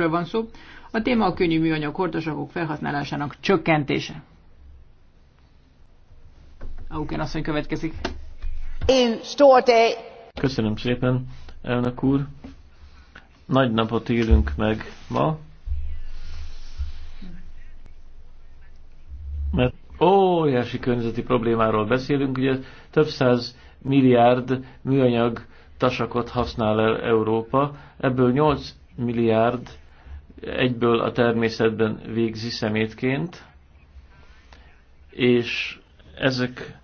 Ről van szó. A téma a könnyű műanyag hordosakok felhasználásának csökkentése. Auken asszony következik. Én Storte. Köszönöm szépen, elnök úr. Nagy napot élünk meg ma. Mert óriási környezeti problémáról beszélünk, ugye több száz milliárd műanyag tasakot használ el Európa, ebből 8 milliárd egyből a természetben végzi szemétként, és ezek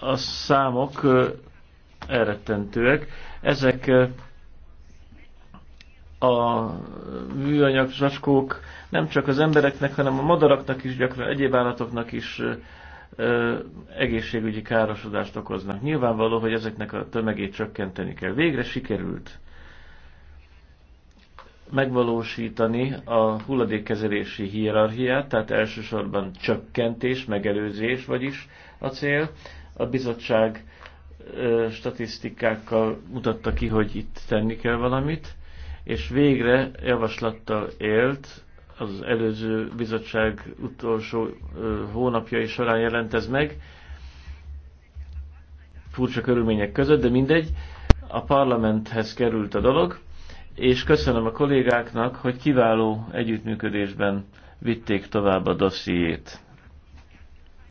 a számok elrettentőek. Ezek a műanyag zacskók nem csak az embereknek, hanem a madaraknak is, gyakran egyéb állatoknak is egészségügyi károsodást okoznak. Nyilvánvaló, hogy ezeknek a tömegét csökkenteni kell. Végre sikerült megvalósítani a hulladékkezelési hierarchiát, tehát elsősorban csökkentés, megelőzés, vagyis a cél. A bizottság statisztikákkal mutatta ki, hogy itt tenni kell valamit, és végre javaslattal élt az előző bizottság utolsó hónapjai során jelent ez meg, furcsa körülmények között, de mindegy, a parlamenthez került a dolog, és köszönöm a kollégáknak, hogy kiváló együttműködésben vitték tovább a dossziét.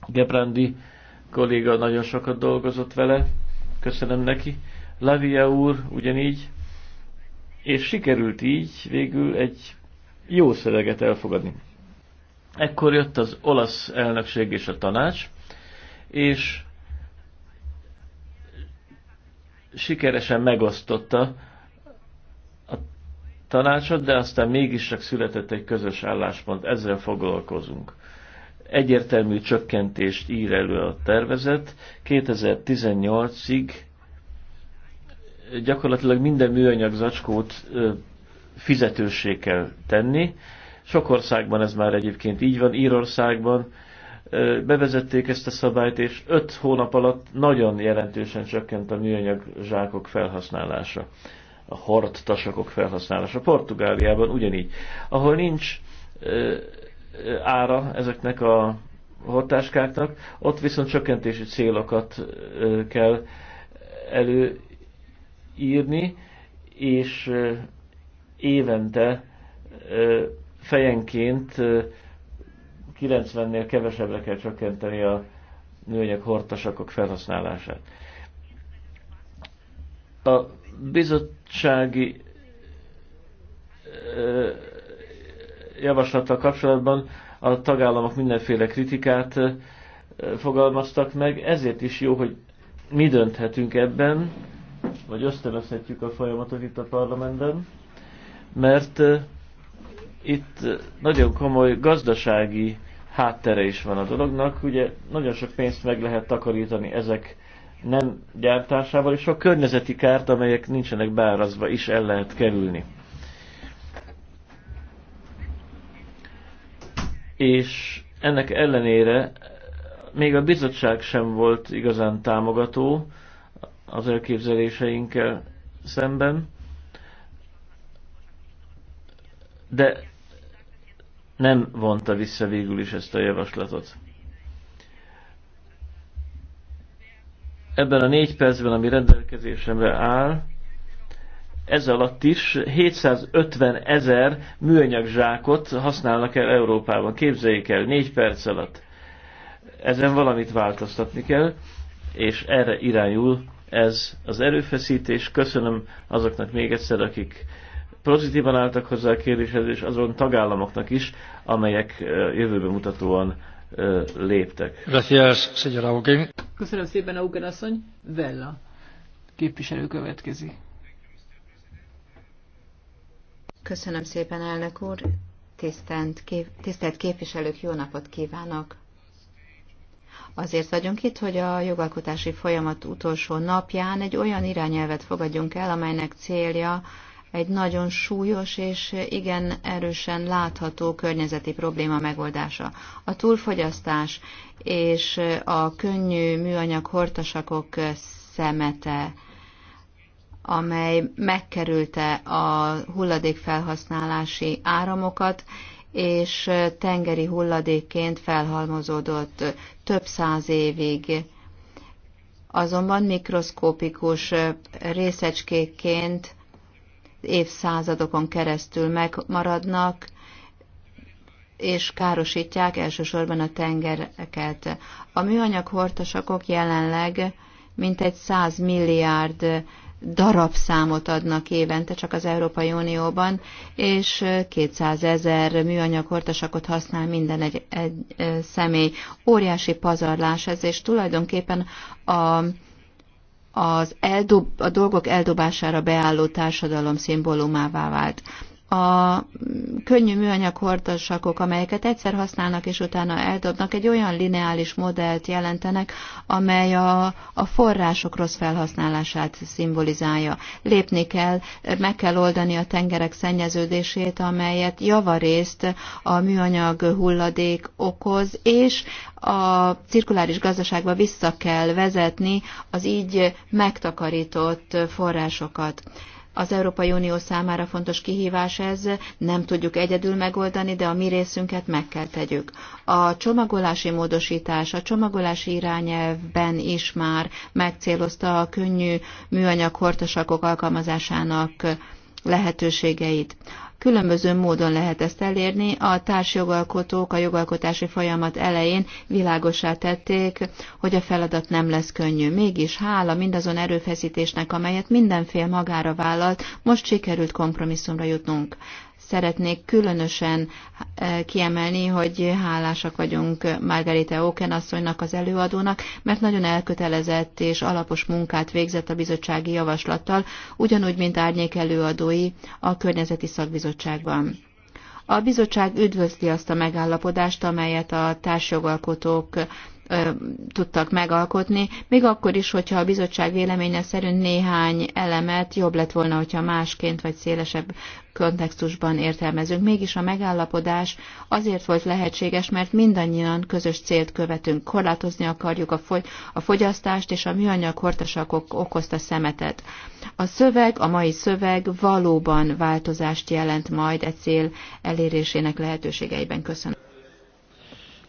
Gebrandi kolléga nagyon sokat dolgozott vele, köszönöm neki. Lavia úr ugyanígy, és sikerült így végül egy jó szöveget elfogadni. Ekkor jött az olasz elnökség és a tanács, és sikeresen megosztotta tanácsot, de aztán mégis csak született egy közös álláspont, ezzel foglalkozunk. Egyértelmű csökkentést ír elő a tervezet, 2018-ig gyakorlatilag minden műanyag zacskót fizetőssé kell tenni. Sok országban ez már egyébként így van, Írországban bevezették ezt a szabályt, és öt hónap alatt nagyon jelentősen csökkent a műanyag zsákok felhasználása a hort tasakok felhasználása. Portugáliában ugyanígy, ahol nincs ö, ára ezeknek a hortáskáknak, ott viszont csökkentési célokat ö, kell előírni, és ö, évente ö, fejenként ö, 90-nél kevesebbre kell csökkenteni a műanyag hortasakok felhasználását. A bizottsági javaslattal kapcsolatban a tagállamok mindenféle kritikát fogalmaztak meg, ezért is jó, hogy mi dönthetünk ebben, vagy ösztönözhetjük a folyamatot itt a parlamentben, mert itt nagyon komoly gazdasági háttere is van a dolognak, ugye nagyon sok pénzt meg lehet takarítani ezek nem gyártásával, és a környezeti kárt, amelyek nincsenek beárazva, is el lehet kerülni. És ennek ellenére még a bizottság sem volt igazán támogató az elképzeléseinkkel szemben, de nem vonta vissza végül is ezt a javaslatot. ebben a négy percben, ami rendelkezésemre áll, ez alatt is 750 ezer műanyag zsákot használnak el Európában. Képzeljék el, négy perc alatt. Ezen valamit változtatni kell, és erre irányul ez az erőfeszítés. Köszönöm azoknak még egyszer, akik pozitívan álltak hozzá a kérdéshez, és azon tagállamoknak is, amelyek jövőben mutatóan léptek. Köszönöm szépen, Augen asszony. Vella képviselő következik. Köszönöm szépen, elnök úr. Tisztelt, kép, tisztelt képviselők, jó napot kívánok! Azért vagyunk itt, hogy a jogalkotási folyamat utolsó napján egy olyan irányelvet fogadjunk el, amelynek célja egy nagyon súlyos és igen erősen látható környezeti probléma megoldása. A túlfogyasztás és a könnyű műanyag hortasakok szemete, amely megkerülte a hulladékfelhasználási áramokat, és tengeri hulladékként felhalmozódott több száz évig. Azonban mikroszkópikus részecskékként évszázadokon keresztül megmaradnak, és károsítják elsősorban a tengereket. A műanyag hortasakok jelenleg mintegy 100 milliárd darabszámot adnak évente csak az Európai Unióban, és 200 ezer műanyag hortasakot használ minden egy, egy, egy személy. Óriási pazarlás ez, és tulajdonképpen a az eldob, a dolgok eldobására beálló társadalom szimbólumává vált a könnyű műanyag hordasakok, amelyeket egyszer használnak és utána eldobnak, egy olyan lineális modellt jelentenek, amely a, a források rossz felhasználását szimbolizálja. Lépni kell, meg kell oldani a tengerek szennyeződését, amelyet javarészt a műanyag hulladék okoz, és a cirkuláris gazdaságba vissza kell vezetni az így megtakarított forrásokat. Az Európai Unió számára fontos kihívás ez, nem tudjuk egyedül megoldani, de a mi részünket meg kell tegyük. A csomagolási módosítás, a csomagolási irányelvben is már megcélozta a könnyű műanyag hortosakok alkalmazásának lehetőségeit. Különböző módon lehet ezt elérni. A társjogalkotók a jogalkotási folyamat elején világosá tették, hogy a feladat nem lesz könnyű. Mégis hála mindazon erőfeszítésnek, amelyet mindenfél magára vállalt, most sikerült kompromisszumra jutnunk szeretnék különösen eh, kiemelni, hogy hálásak vagyunk Margarita Oken asszonynak, az előadónak, mert nagyon elkötelezett és alapos munkát végzett a bizottsági javaslattal, ugyanúgy, mint árnyék előadói a Környezeti Szakbizottságban. A bizottság üdvözli azt a megállapodást, amelyet a társjogalkotók tudtak megalkotni, még akkor is, hogyha a bizottság véleménye szerint néhány elemet jobb lett volna, hogyha másként vagy szélesebb kontextusban értelmezünk. Mégis a megállapodás azért volt lehetséges, mert mindannyian közös célt követünk. Korlátozni akarjuk a, fogy- a fogyasztást és a műanyag hortasakok okozta szemetet. A szöveg, a mai szöveg valóban változást jelent majd e cél elérésének lehetőségeiben. Köszönöm.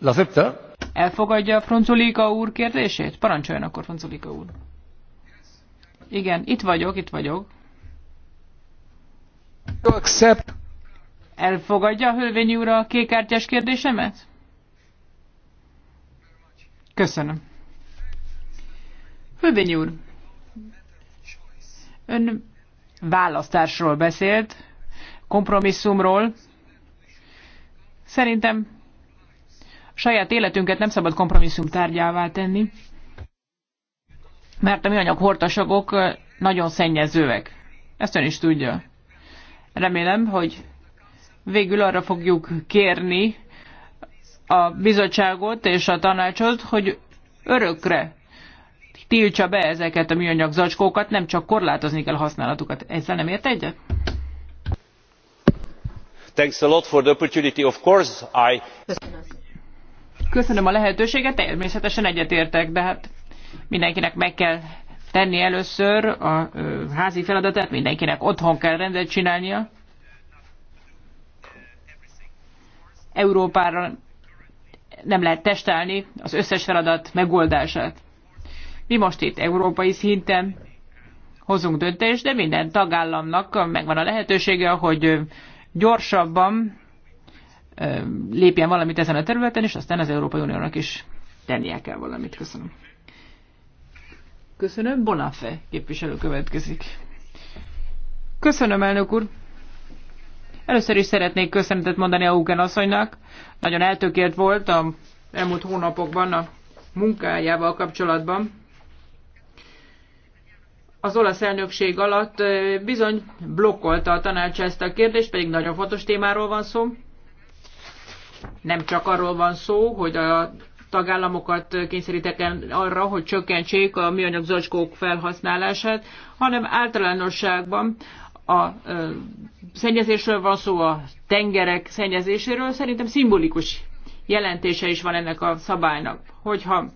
L'acepta? Elfogadja Fronzulika úr kérdését? Parancsoljon akkor Fronzulika úr. Igen, itt vagyok, itt vagyok. Accept. Elfogadja a hölvény úr a kékártyás kérdésemet? Köszönöm. Hölvény úr, ön választásról beszélt, kompromisszumról. Szerintem saját életünket nem szabad kompromisszum tárgyává tenni, mert a műanyag hortasagok nagyon szennyezőek. Ezt ön is tudja. Remélem, hogy végül arra fogjuk kérni a bizottságot és a tanácsot, hogy örökre tiltsa be ezeket a műanyag zacskókat, nem csak korlátozni kell használatukat. Ezzel nem ért egyet? Thanks a lot for the opportunity. Of course I... Köszönöm. Köszönöm a lehetőséget, természetesen egyetértek, de hát mindenkinek meg kell tenni először a házi feladatát, mindenkinek otthon kell rendet csinálnia. Európára nem lehet testelni az összes feladat megoldását. Mi most itt európai szinten hozunk döntést, de minden tagállamnak megvan a lehetősége, hogy gyorsabban lépjen valamit ezen a területen, és aztán az Európai Uniónak is tennie kell valamit. Köszönöm. Köszönöm. Bonafé képviselő következik. Köszönöm, elnök úr. Először is szeretnék köszönetet mondani a Ugen asszonynak. Nagyon eltökélt volt a elmúlt hónapokban a munkájával kapcsolatban. Az olasz elnökség alatt bizony blokkolta a tanács ezt a kérdést, pedig nagyon fontos témáról van szó. Nem csak arról van szó, hogy a tagállamokat kényszerítek arra, hogy csökkentsék a műanyag zacskók felhasználását, hanem általánosságban a szennyezésről van szó, a tengerek szennyezéséről, szerintem szimbolikus jelentése is van ennek a szabálynak. Hogyha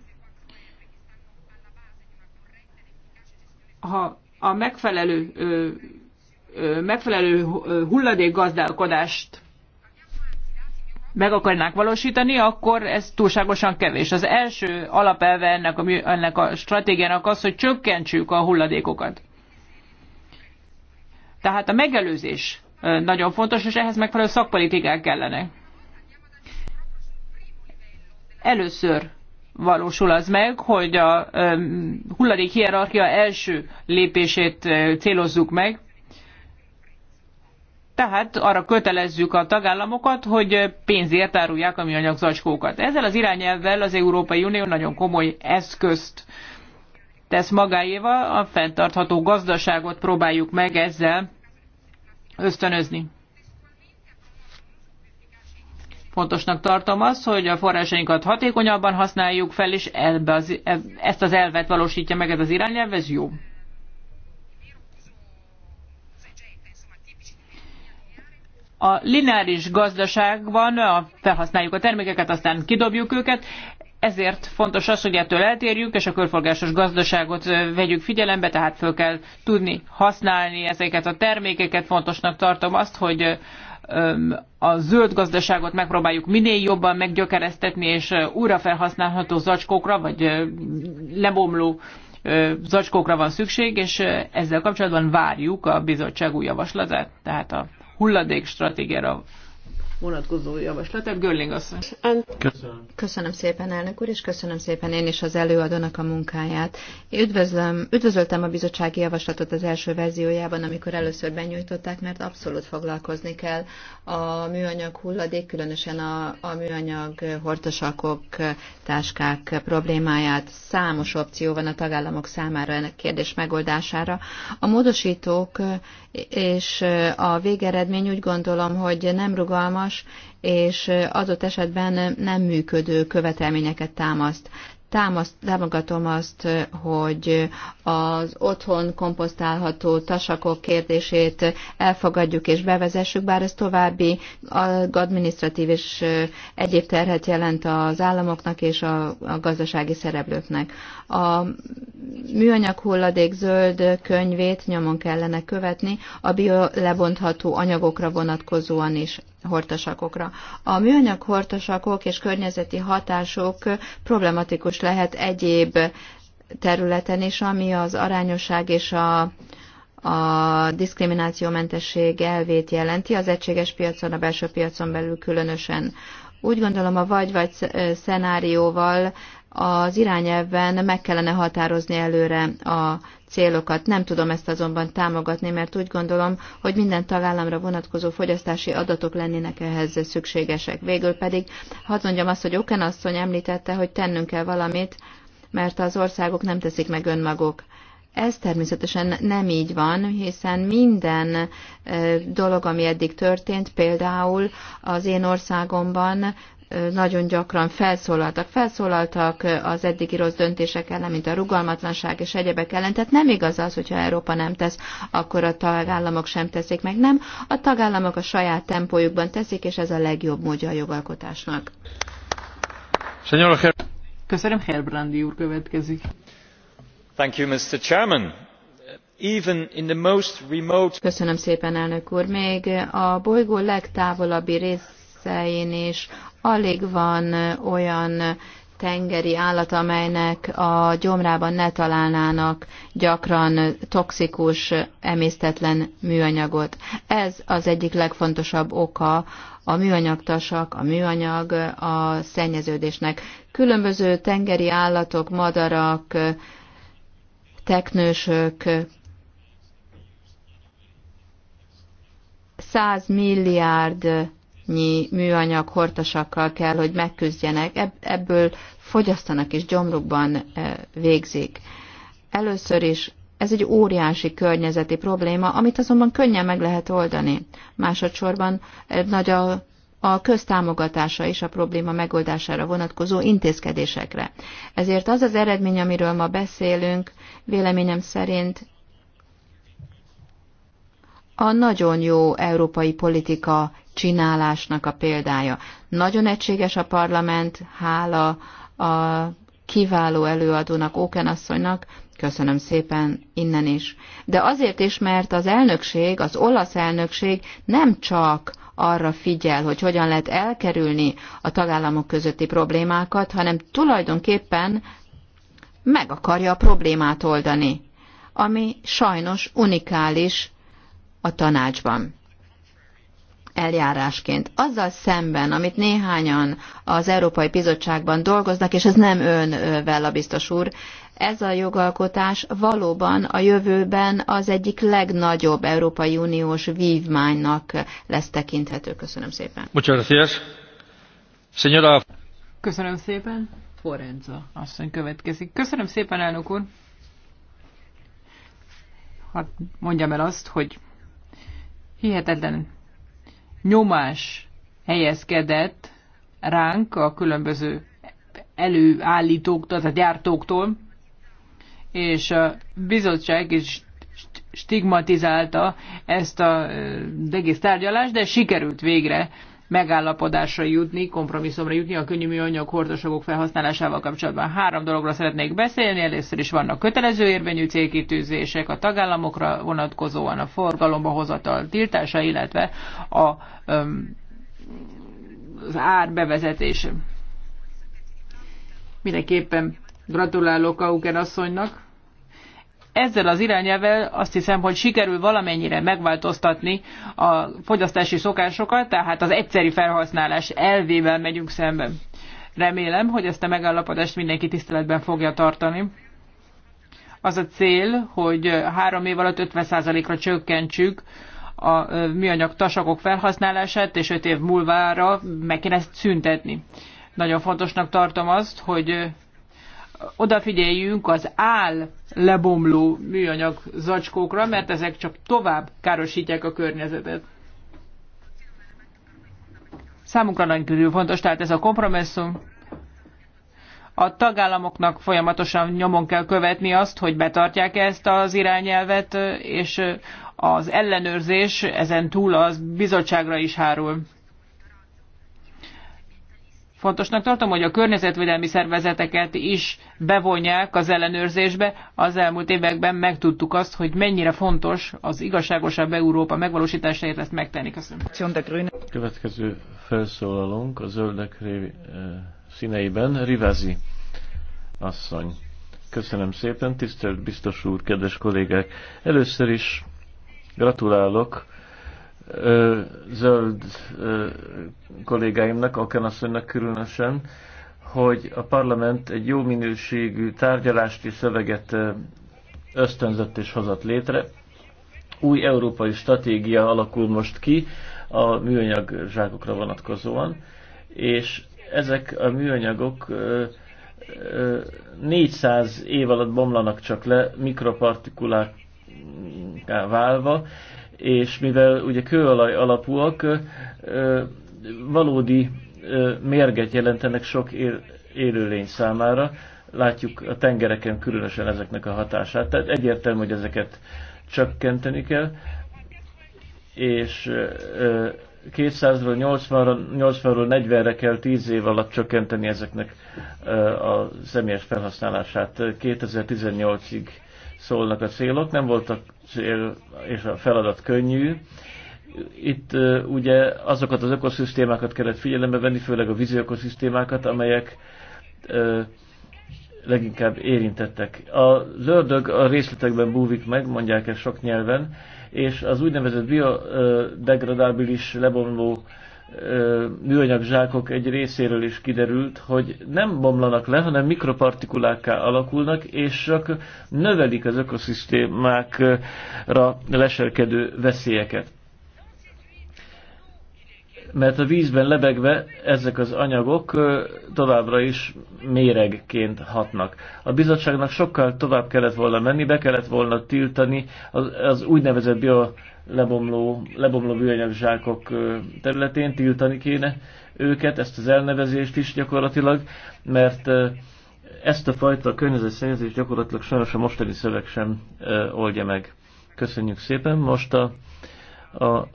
ha a megfelelő, ö, ö, megfelelő gazdálkodást meg akarnák valósítani, akkor ez túlságosan kevés. Az első alapelve ennek a, ennek a stratégiának az, hogy csökkentsük a hulladékokat. Tehát a megelőzés nagyon fontos, és ehhez megfelelő szakpolitikák kellene. Először valósul az meg, hogy a hulladék hierarchia első lépését célozzuk meg, tehát arra kötelezzük a tagállamokat, hogy pénzért árulják a műanyag zacskókat. Ezzel az irányelvvel az Európai Unió nagyon komoly eszközt tesz magáéval, a fenntartható gazdaságot próbáljuk meg ezzel ösztönözni. Fontosnak tartom azt, hogy a forrásainkat hatékonyabban használjuk fel, és ebbe az, e- ezt az elvet valósítja meg ez az irányelv, ez jó. A lineáris gazdaságban felhasználjuk a termékeket, aztán kidobjuk őket, ezért fontos az, hogy ettől eltérjünk, és a körforgásos gazdaságot vegyük figyelembe, tehát föl kell tudni használni ezeket a termékeket. Fontosnak tartom azt, hogy a zöld gazdaságot megpróbáljuk minél jobban meggyökeresztetni, és újra felhasználható zacskókra, vagy lebomló zacskókra van szükség, és ezzel kapcsolatban várjuk a bizottság új javaslatát, tehát a hulladék stratégiára vonatkozó javaslatát. Görling asszony. Köszönöm. köszönöm szépen, elnök úr, és köszönöm szépen én is az előadónak a munkáját. Én üdvözlöm, üdvözöltem a bizottsági javaslatot az első verziójában, amikor először benyújtották, mert abszolút foglalkozni kell a műanyag hulladék, különösen a, a műanyag hordosakok, táskák problémáját. Számos opció van a tagállamok számára ennek kérdés megoldására. A módosítók és a végeredmény úgy gondolom, hogy nem rugalmas, és adott esetben nem működő követelményeket támaszt. Támaszt, támogatom azt, hogy az otthon komposztálható tasakok kérdését elfogadjuk és bevezessük, bár ez további adminisztratív és egyéb terhet jelent az államoknak és a, a gazdasági szereplőknek. A műanyag hulladék zöld könyvét nyomon kellene követni a biolebontható anyagokra vonatkozóan is hortasakokra. A műanyag hortasakok és környezeti hatások problematikus lehet egyéb területen is, ami az arányosság és a, a diszkriminációmentesség elvét jelenti, az egységes piacon, a belső piacon belül különösen. Úgy gondolom a vagy-vagy szenárióval az irányelvben meg kellene határozni előre a célokat. Nem tudom ezt azonban támogatni, mert úgy gondolom, hogy minden tagállamra vonatkozó fogyasztási adatok lennének ehhez szükségesek. Végül pedig hadd mondjam azt, hogy Oken asszony említette, hogy tennünk kell valamit, mert az országok nem teszik meg önmaguk. Ez természetesen nem így van, hiszen minden eh, dolog, ami eddig történt, például az én országomban nagyon gyakran felszólaltak. Felszólaltak az eddigi rossz döntések ellen, mint a rugalmatlanság és egyebek ellen. Tehát nem igaz az, hogyha Európa nem tesz, akkor a tagállamok sem teszik meg. Nem, a tagállamok a saját tempójukban teszik, és ez a legjobb módja a jogalkotásnak. Köszönöm, Herbrandi úr következik. Thank you, Mr. Chairman. Even in the most remote... Köszönöm szépen, elnök úr. Még a bolygó legtávolabbi rész is Alig van olyan tengeri állat, amelynek a gyomrában ne találnának gyakran toxikus, emésztetlen műanyagot. Ez az egyik legfontosabb oka a műanyagtasak, a műanyag, a szennyeződésnek. Különböző tengeri állatok, madarak, teknősök, 100 milliárd nyi műanyag hortasakkal kell, hogy megküzdjenek, ebből fogyasztanak és gyomrukban e, végzik. Először is ez egy óriási környezeti probléma, amit azonban könnyen meg lehet oldani. Másodszorban e, nagy a, a köztámogatása is a probléma megoldására vonatkozó intézkedésekre. Ezért az az eredmény, amiről ma beszélünk, véleményem szerint a nagyon jó európai politika csinálásnak a példája. Nagyon egységes a parlament, hála a kiváló előadónak, Ókenasszonynak, köszönöm szépen innen is. De azért is, mert az elnökség, az olasz elnökség nem csak arra figyel, hogy hogyan lehet elkerülni a tagállamok közötti problémákat, hanem tulajdonképpen meg akarja a problémát oldani, ami sajnos unikális a tanácsban eljárásként. Azzal szemben, amit néhányan az Európai Bizottságban dolgoznak, és ez nem ön, Vella biztos úr, ez a jogalkotás valóban a jövőben az egyik legnagyobb Európai Uniós vívmánynak lesz tekinthető. Köszönöm szépen. Köszönöm szépen. Forenza asszony következik. Köszönöm szépen, elnök úr. Hát mondjam el azt, hogy hihetetlen nyomás helyezkedett ránk a különböző előállítóktól, a gyártóktól, és a bizottság is stigmatizálta ezt a egész tárgyalást, de sikerült végre megállapodásra jutni, kompromisszumra jutni a könnyű műanyag hordosagok felhasználásával kapcsolatban. Három dologra szeretnék beszélni. Először is vannak kötelező érvényű célkitűzések a tagállamokra vonatkozóan a forgalomba hozatal tiltása, illetve a, az ár bevezetése. Mindenképpen gratulálok Auken asszonynak, ezzel az irányelvel azt hiszem, hogy sikerül valamennyire megváltoztatni a fogyasztási szokásokat, tehát az egyszeri felhasználás elvével megyünk szembe. Remélem, hogy ezt a megállapodást mindenki tiszteletben fogja tartani. Az a cél, hogy három év alatt 50%-ra csökkentsük a műanyag tasakok felhasználását, és öt év múlvára meg kéne ezt szüntetni. Nagyon fontosnak tartom azt, hogy odafigyeljünk az áll lebomló műanyag zacskókra, mert ezek csak tovább károsítják a környezetet. Számunkra körül fontos, tehát ez a kompromisszum. A tagállamoknak folyamatosan nyomon kell követni azt, hogy betartják ezt az irányelvet, és az ellenőrzés ezen túl az bizottságra is hárul. Fontosnak tartom, hogy a környezetvédelmi szervezeteket is bevonják az ellenőrzésbe. Az elmúlt években megtudtuk azt, hogy mennyire fontos az igazságosabb Európa megvalósításáért ezt megtenni. Köszönöm. Következő felszólalónk a zöldek eh, színeiben, Rivázi asszony. Köszönöm szépen, tisztelt biztos úr, kedves kollégák! Először is gratulálok ö, zöld ö, kollégáimnak, Akenasszonynak különösen, hogy a parlament egy jó minőségű tárgyalást és szöveget ösztönzött és hozott létre. Új európai stratégia alakul most ki a műanyag zsákokra vonatkozóan, és ezek a műanyagok 400 év alatt bomlanak csak le, mikropartikulákká válva, és mivel ugye kőolaj alapúak, valódi mérget jelentenek sok élőlény számára. Látjuk a tengereken különösen ezeknek a hatását. Tehát egyértelmű, hogy ezeket csökkenteni kell, és 200-ról 80 ról 40-re kell 10 év alatt csökkenteni ezeknek a személyes felhasználását 2018-ig szólnak a célok, nem volt a cél és a feladat könnyű. Itt ugye azokat az ökoszisztémákat kellett figyelembe venni, főleg a vízi ökoszisztémákat, amelyek leginkább érintettek. A ördög a részletekben búvik meg, mondják ezt sok nyelven, és az úgynevezett biodegradábilis lebomló műanyag zsákok egy részéről is kiderült, hogy nem bomlanak le, hanem mikropartikulákká alakulnak, és csak növelik az ökoszisztémákra leselkedő veszélyeket. Mert a vízben lebegve ezek az anyagok továbbra is méregként hatnak. A bizottságnak sokkal tovább kellett volna menni, be kellett volna tiltani az, az úgynevezett bio lebomló, lebomló műanyagzsákok területén tiltani kéne őket, ezt az elnevezést is gyakorlatilag, mert ezt a fajta környezetszennyezést gyakorlatilag sajnos a mostani szöveg sem oldja meg. Köszönjük szépen. Most a, a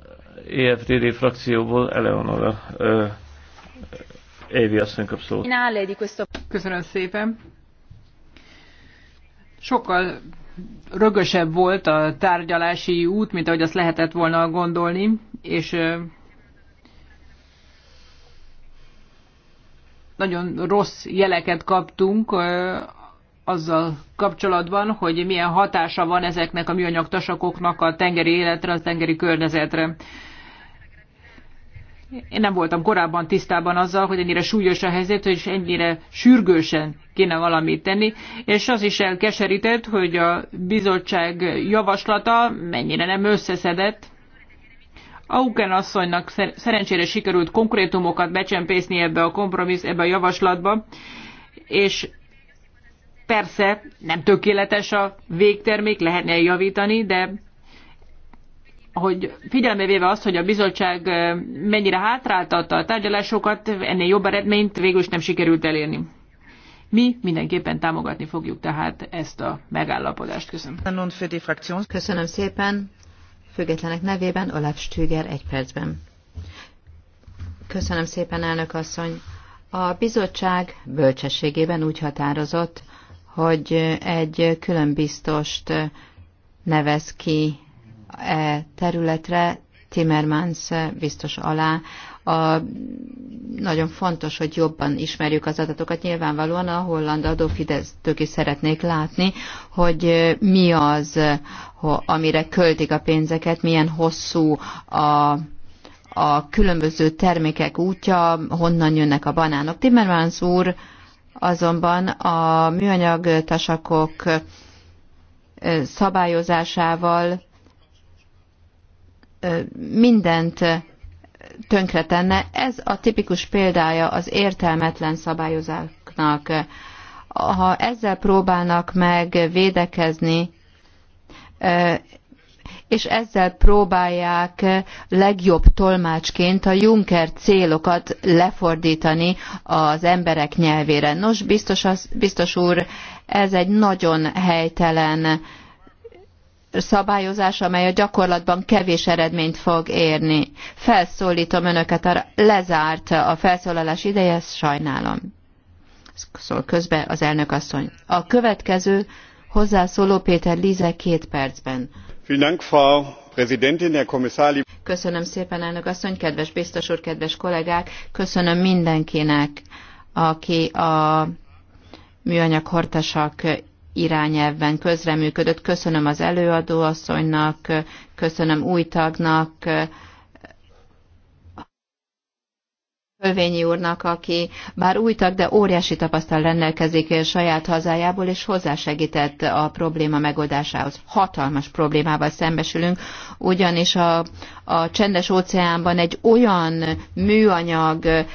EFDD frakcióból Eleonora Évi asszony kap szót. Köszönöm szépen. Sokkal rögösebb volt a tárgyalási út, mint ahogy azt lehetett volna gondolni, és nagyon rossz jeleket kaptunk azzal kapcsolatban, hogy milyen hatása van ezeknek a műanyag tasakoknak a tengeri életre, a tengeri környezetre. Én nem voltam korábban tisztában azzal, hogy ennyire súlyos a helyzet, és ennyire sürgősen kéne valamit tenni, és az is elkeserített, hogy a bizottság javaslata mennyire nem összeszedett. Auken asszonynak szer szerencsére sikerült konkrétumokat becsempészni ebbe a kompromissz, ebbe a javaslatba, és persze nem tökéletes a végtermék, lehetne javítani, de hogy figyelembe véve azt, hogy a bizottság mennyire hátráltatta a tárgyalásokat, ennél jobb eredményt végül is nem sikerült elérni. Mi mindenképpen támogatni fogjuk tehát ezt a megállapodást. Köszönöm. Köszönöm szépen. Függetlenek nevében Olaf Stüger egy percben. Köszönöm szépen, elnök asszony. A bizottság bölcsességében úgy határozott, hogy egy külön biztost nevez ki e területre Timmermans biztos alá. A, nagyon fontos, hogy jobban ismerjük az adatokat. Nyilvánvalóan a holland adófidesztők is szeretnék látni, hogy mi az, amire költik a pénzeket, milyen hosszú a a különböző termékek útja, honnan jönnek a banánok. Timmermans úr azonban a műanyag tasakok szabályozásával mindent tönkretenne. Ez a tipikus példája az értelmetlen szabályozáknak, Ha ezzel próbálnak meg védekezni, és ezzel próbálják legjobb tolmácsként a Juncker célokat lefordítani az emberek nyelvére. Nos, biztos, az, biztos úr, ez egy nagyon helytelen szabályozás, amely a gyakorlatban kevés eredményt fog érni. Felszólítom önöket, arra lezárt a felszólalás ideje, ezt sajnálom. Szól közbe az elnök asszony. A következő hozzászóló Péter Líze két percben. Köszönöm szépen, elnök asszony, kedves biztos úr, kedves kollégák, köszönöm mindenkinek, aki a műanyag hortasak irányelvben közreműködött. Köszönöm az előadóasszonynak, köszönöm új tagnak, Fölvényi úrnak, aki bár új tag, de óriási tapasztal rendelkezik saját hazájából, és hozzásegített a probléma megoldásához. Hatalmas problémával szembesülünk, ugyanis a, a csendes óceánban egy olyan műanyag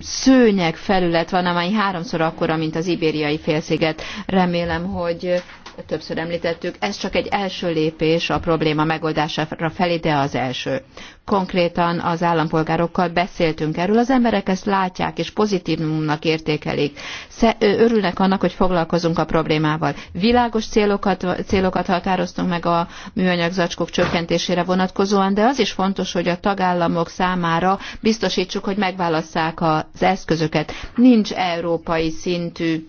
szőnyeg felület van, amely háromszor akkora, mint az ibériai félsziget. Remélem, hogy többször említettük, ez csak egy első lépés a probléma megoldására felé, de az első. Konkrétan az állampolgárokkal beszéltünk erről, az emberek ezt látják és pozitívumnak értékelik. Örülnek annak, hogy foglalkozunk a problémával. Világos célokat, célokat határoztunk meg a műanyag zacskók csökkentésére vonatkozóan, de az is fontos, hogy a tagállamok számára biztosítsuk, hogy megválasszák az eszközöket. Nincs európai szintű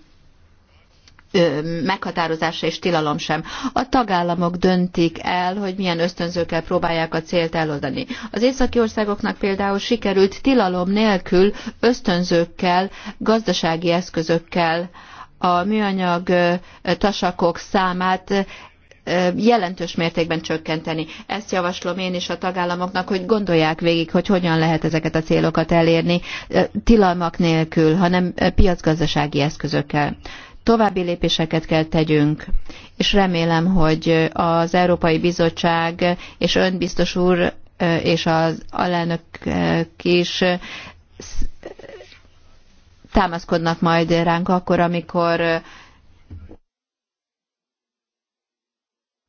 meghatározása és tilalom sem. A tagállamok döntik el, hogy milyen ösztönzőkkel próbálják a célt eloldani. Az északi országoknak például sikerült tilalom nélkül ösztönzőkkel, gazdasági eszközökkel a műanyag tasakok számát jelentős mértékben csökkenteni. Ezt javaslom én is a tagállamoknak, hogy gondolják végig, hogy hogyan lehet ezeket a célokat elérni tilalmak nélkül, hanem piacgazdasági eszközökkel. További lépéseket kell tegyünk, és remélem, hogy az Európai Bizottság és biztos úr és az alelnök is támaszkodnak majd ránk akkor, amikor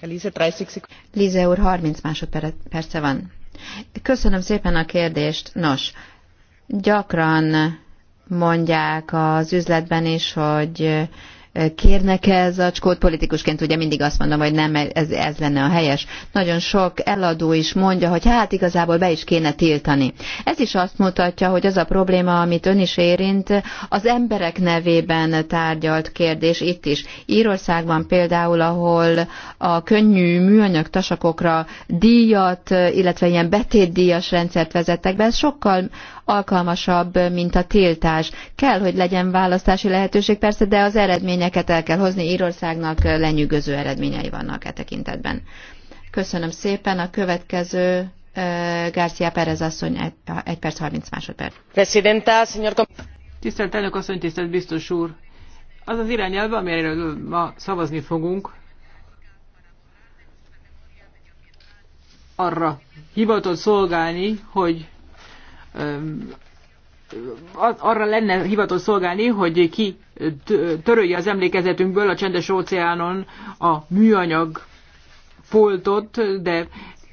Elize, 30 Lize úr, 30 másodperce van. Köszönöm szépen a kérdést. Nos, gyakran mondják az üzletben is, hogy kérnek ez zacskót. Politikusként ugye mindig azt mondom, hogy nem, ez, ez lenne a helyes. Nagyon sok eladó is mondja, hogy hát igazából be is kéne tiltani. Ez is azt mutatja, hogy az a probléma, amit ön is érint, az emberek nevében tárgyalt kérdés itt is. Írországban például, ahol a könnyű műanyag tasakokra díjat, illetve ilyen betétdíjas rendszert vezettek be, ez sokkal alkalmasabb, mint a tiltás. Kell, hogy legyen választási lehetőség, persze, de az eredményeket el kell hozni. Írországnak lenyűgöző eredményei vannak e tekintetben. Köszönöm szépen. A következő eh, García Pérez asszony, 1 perc 30 másodperc. Presidenta, señor... Tisztelt elnök asszony, tisztelt biztos úr! Az az irányelv, amiről ma szavazni fogunk, arra hivatott szolgálni, hogy arra lenne hivatott szolgálni, hogy ki törölje az emlékezetünkből a csendes óceánon a műanyag foltot, de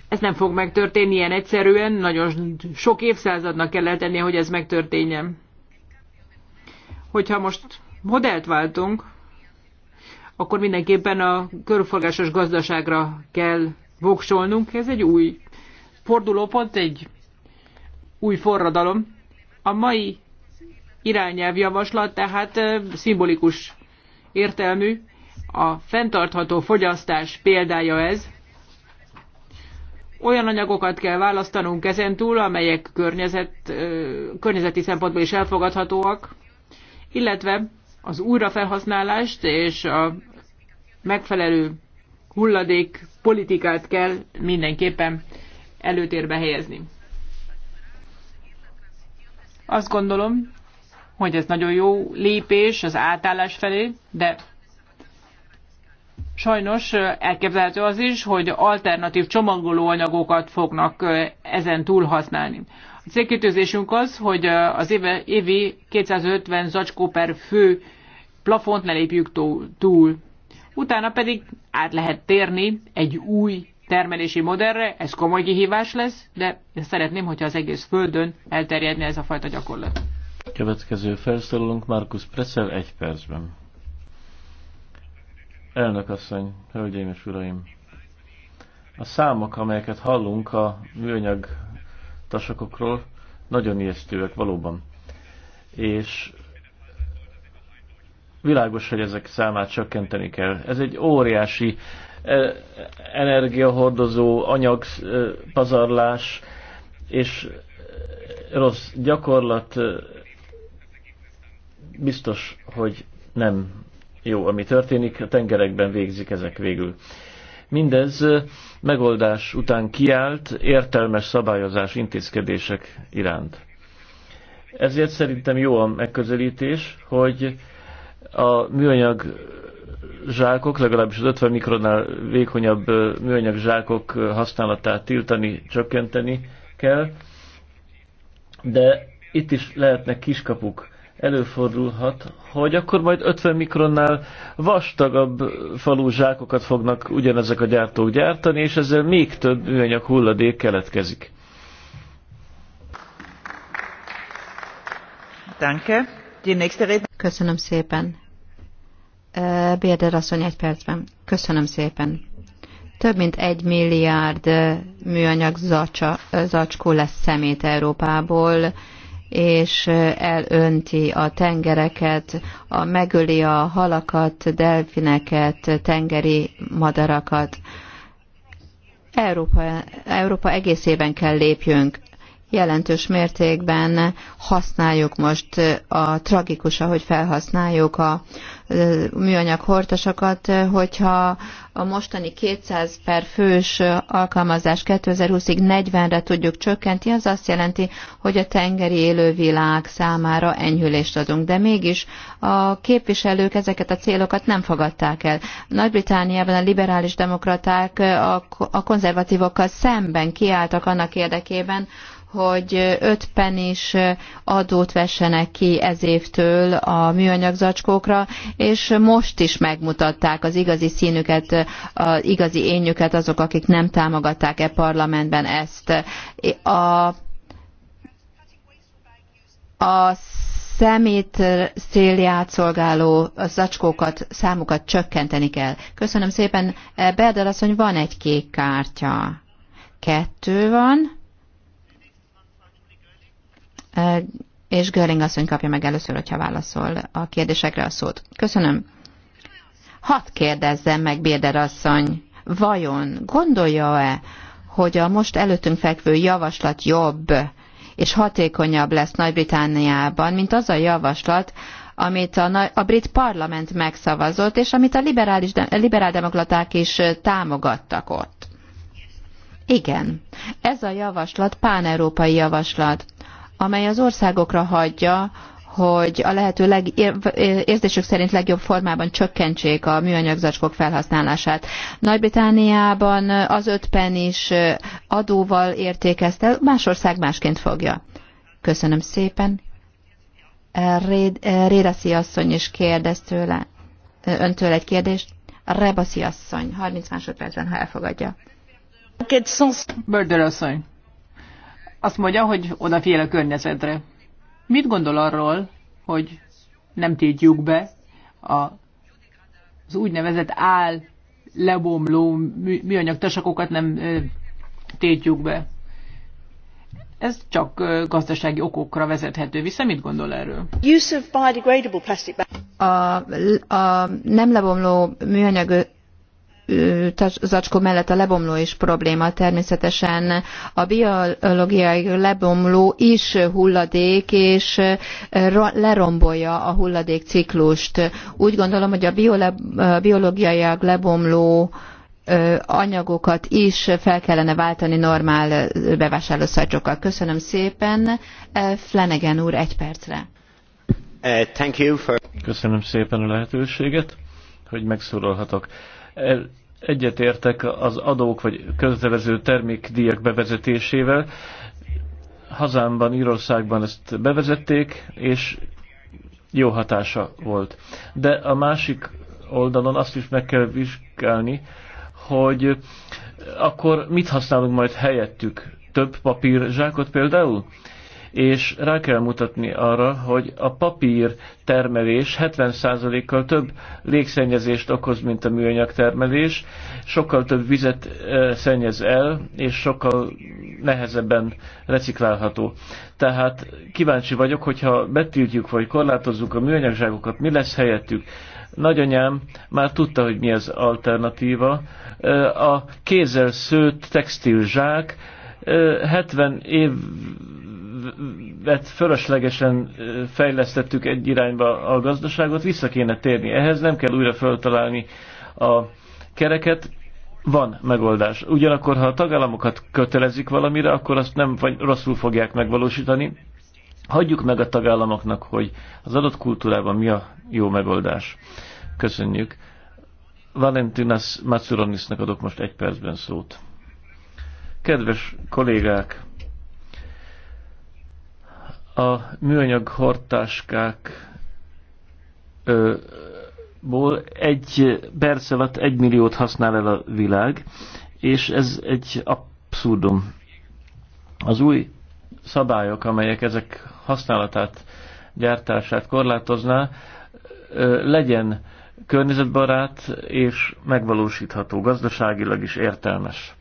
ez nem fog megtörténni ilyen egyszerűen, nagyon sok évszázadnak kell eltennie, hogy ez megtörténjen. Hogyha most modellt váltunk, akkor mindenképpen a körforgásos gazdaságra kell voksolnunk. Ez egy új fordulópont, egy új forradalom. A mai irányelvjavaslat tehát szimbolikus értelmű, a fenntartható fogyasztás példája ez. Olyan anyagokat kell választanunk ezentúl, túl, amelyek környezet, környezeti szempontból is elfogadhatóak, illetve az újrafelhasználást és a megfelelő hulladék politikát kell mindenképpen előtérbe helyezni. Azt gondolom, hogy ez nagyon jó lépés az átállás felé, de sajnos elképzelhető az is, hogy alternatív csomagolóanyagokat fognak ezen túl használni. A célkitűzésünk az, hogy az éve, évi 250 zacskó per fő plafont ne lépjük túl. Utána pedig át lehet térni egy új termelési modellre, ez komoly kihívás lesz, de szeretném, hogyha az egész Földön elterjedne ez a fajta gyakorlat. Következő felszólalunk Markus Pressel egy percben. Elnök asszony, hölgyeim és uraim! A számok, amelyeket hallunk a műanyag tasakokról, nagyon ijesztőek valóban. És világos, hogy ezek számát csökkenteni kell. Ez egy óriási E, energiahordozó anyag e, pazarlás és e, rossz gyakorlat biztos, hogy nem jó, ami történik, a tengerekben végzik ezek végül. Mindez megoldás után kiállt értelmes szabályozás intézkedések iránt. Ezért szerintem jó a megközelítés, hogy a műanyag zsákok, legalábbis az 50 mikronnál vékonyabb műanyag zsákok használatát tiltani, csökkenteni kell, de itt is lehetnek kiskapuk. Előfordulhat, hogy akkor majd 50 mikronnál vastagabb falú zsákokat fognak ugyanezek a gyártók gyártani, és ezzel még több műanyag hulladék keletkezik. Danke. Köszönöm szépen. Bérder asszony egy percben. Köszönöm szépen. Több mint egy milliárd műanyag zacsa, zacskó lesz szemét Európából, és elönti a tengereket, a, megöli a halakat, delfineket, tengeri madarakat. Európa, Európa egészében kell lépjünk jelentős mértékben használjuk most a tragikus, ahogy felhasználjuk a műanyag hortosokat, hogyha a mostani 200 per fős alkalmazás 2020-ig 40-re tudjuk csökkenti, az azt jelenti, hogy a tengeri élővilág számára enyhülést adunk. De mégis a képviselők ezeket a célokat nem fogadták el. Nagy-Britániában a liberális demokraták a konzervatívokkal szemben kiálltak annak érdekében, hogy öt penis adót vessenek ki ez évtől a műanyag zacskókra, és most is megmutatták az igazi színüket, az igazi énjüket azok, akik nem támogatták e parlamentben ezt. A, a szemét célját szolgáló zacskókat, számukat csökkenteni kell. Köszönöm szépen. Berdel asszony, van egy kék kártya. Kettő van. Eh, és Göring asszony kapja meg először, hogyha válaszol a kérdésekre a szót. Köszönöm. Hadd kérdezzem meg, Bérder asszony, vajon gondolja-e, hogy a most előttünk fekvő javaslat jobb és hatékonyabb lesz Nagy-Britániában, mint az a javaslat, amit a, a brit parlament megszavazott, és amit a liberális, liberáldemokraták is eh, támogattak ott. Igen, ez a javaslat pán-európai javaslat amely az országokra hagyja, hogy a lehető leg, érzésük szerint legjobb formában csökkentsék a műanyag zacskók felhasználását. Nagy-Britániában az öt is adóval értékezte, más ország másként fogja. Köszönöm szépen. Réda asszony is kérdez tőle, öntől egy kérdést. Reba asszony, 30 másodpercben, ha elfogadja. Bördör asszony, azt mondja, hogy odafigyel a környezetre. Mit gondol arról, hogy nem tiltjuk be a, az úgynevezett áll lebomló műanyag tasakokat nem tiltjuk be? Ez csak gazdasági okokra vezethető vissza. Mit gondol erről? Use of biodegradable plastic bags. A, a nem lebomló műanyag zacskó mellett a lebomló is probléma. Természetesen a biológiai lebomló is hulladék, és lerombolja a hulladék ciklust. Úgy gondolom, hogy a biológiai lebomló anyagokat is fel kellene váltani normál bevásárlószajcsokkal. Köszönöm szépen. Flanagan úr, egy percre. Uh, Köszönöm szépen a lehetőséget, hogy megszólalhatok. El, egyetértek az adók vagy közlevező termékdíjak bevezetésével. Hazámban, Írországban ezt bevezették, és jó hatása volt. De a másik oldalon azt is meg kell vizsgálni, hogy akkor mit használunk majd helyettük? Több papír zsákot például? és rá kell mutatni arra, hogy a papír termelés 70%-kal több légszennyezést okoz, mint a műanyag termelés, sokkal több vizet szennyez el, és sokkal nehezebben reciklálható. Tehát kíváncsi vagyok, hogyha betiltjuk vagy korlátozzuk a műanyag zsákokat, mi lesz helyettük? Nagyanyám már tudta, hogy mi az alternatíva. A kézzel szőtt textilzsák 70 év vet fölöslegesen fejlesztettük egy irányba a gazdaságot, vissza kéne térni. Ehhez nem kell újra föltalálni a kereket, van megoldás. Ugyanakkor, ha a tagállamokat kötelezik valamire, akkor azt nem vagy rosszul fogják megvalósítani. Hagyjuk meg a tagállamoknak, hogy az adott kultúrában mi a jó megoldás. Köszönjük. Valentinas Matsuronisnak adok most egy percben szót. Kedves kollégák! A műanyag hortáskákból egy perc alatt egy milliót használ el a világ, és ez egy abszurdum. Az új szabályok, amelyek ezek használatát, gyártását korlátozná, legyen környezetbarát és megvalósítható, gazdaságilag is értelmes.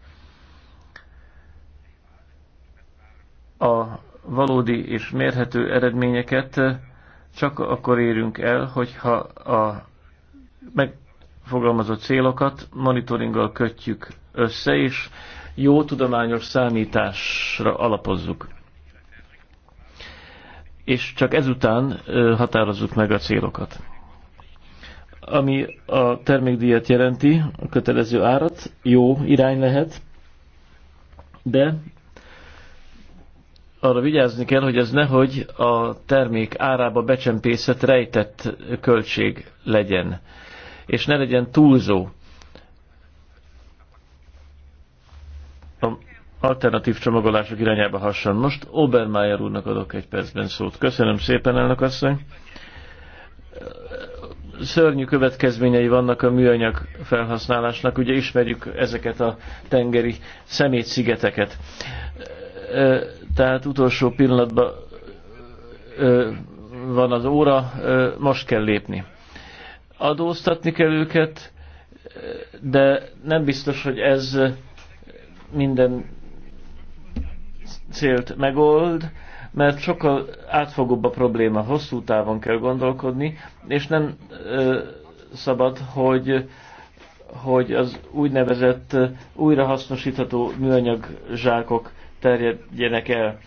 A valódi és mérhető eredményeket csak akkor érünk el, hogyha a megfogalmazott célokat monitoringgal kötjük össze, és jó tudományos számításra alapozzuk. És csak ezután határozzuk meg a célokat. Ami a termékdíjat jelenti, a kötelező árat, jó irány lehet, de arra vigyázni kell, hogy ez nehogy a termék árába becsempészett rejtett költség legyen, és ne legyen túlzó. A alternatív csomagolások irányába hasonló. Most Obermeyer úrnak adok egy percben szót. Köszönöm szépen, elnök asszony. Szörnyű következményei vannak a műanyag felhasználásnak, ugye ismerjük ezeket a tengeri szemétszigeteket tehát utolsó pillanatban van az óra, most kell lépni. Adóztatni kell őket, de nem biztos, hogy ez minden célt megold, mert sokkal átfogóbb a probléma, hosszú távon kell gondolkodni, és nem szabad, hogy hogy az úgynevezett újrahasznosítható műanyag zsákok terjedjenek el.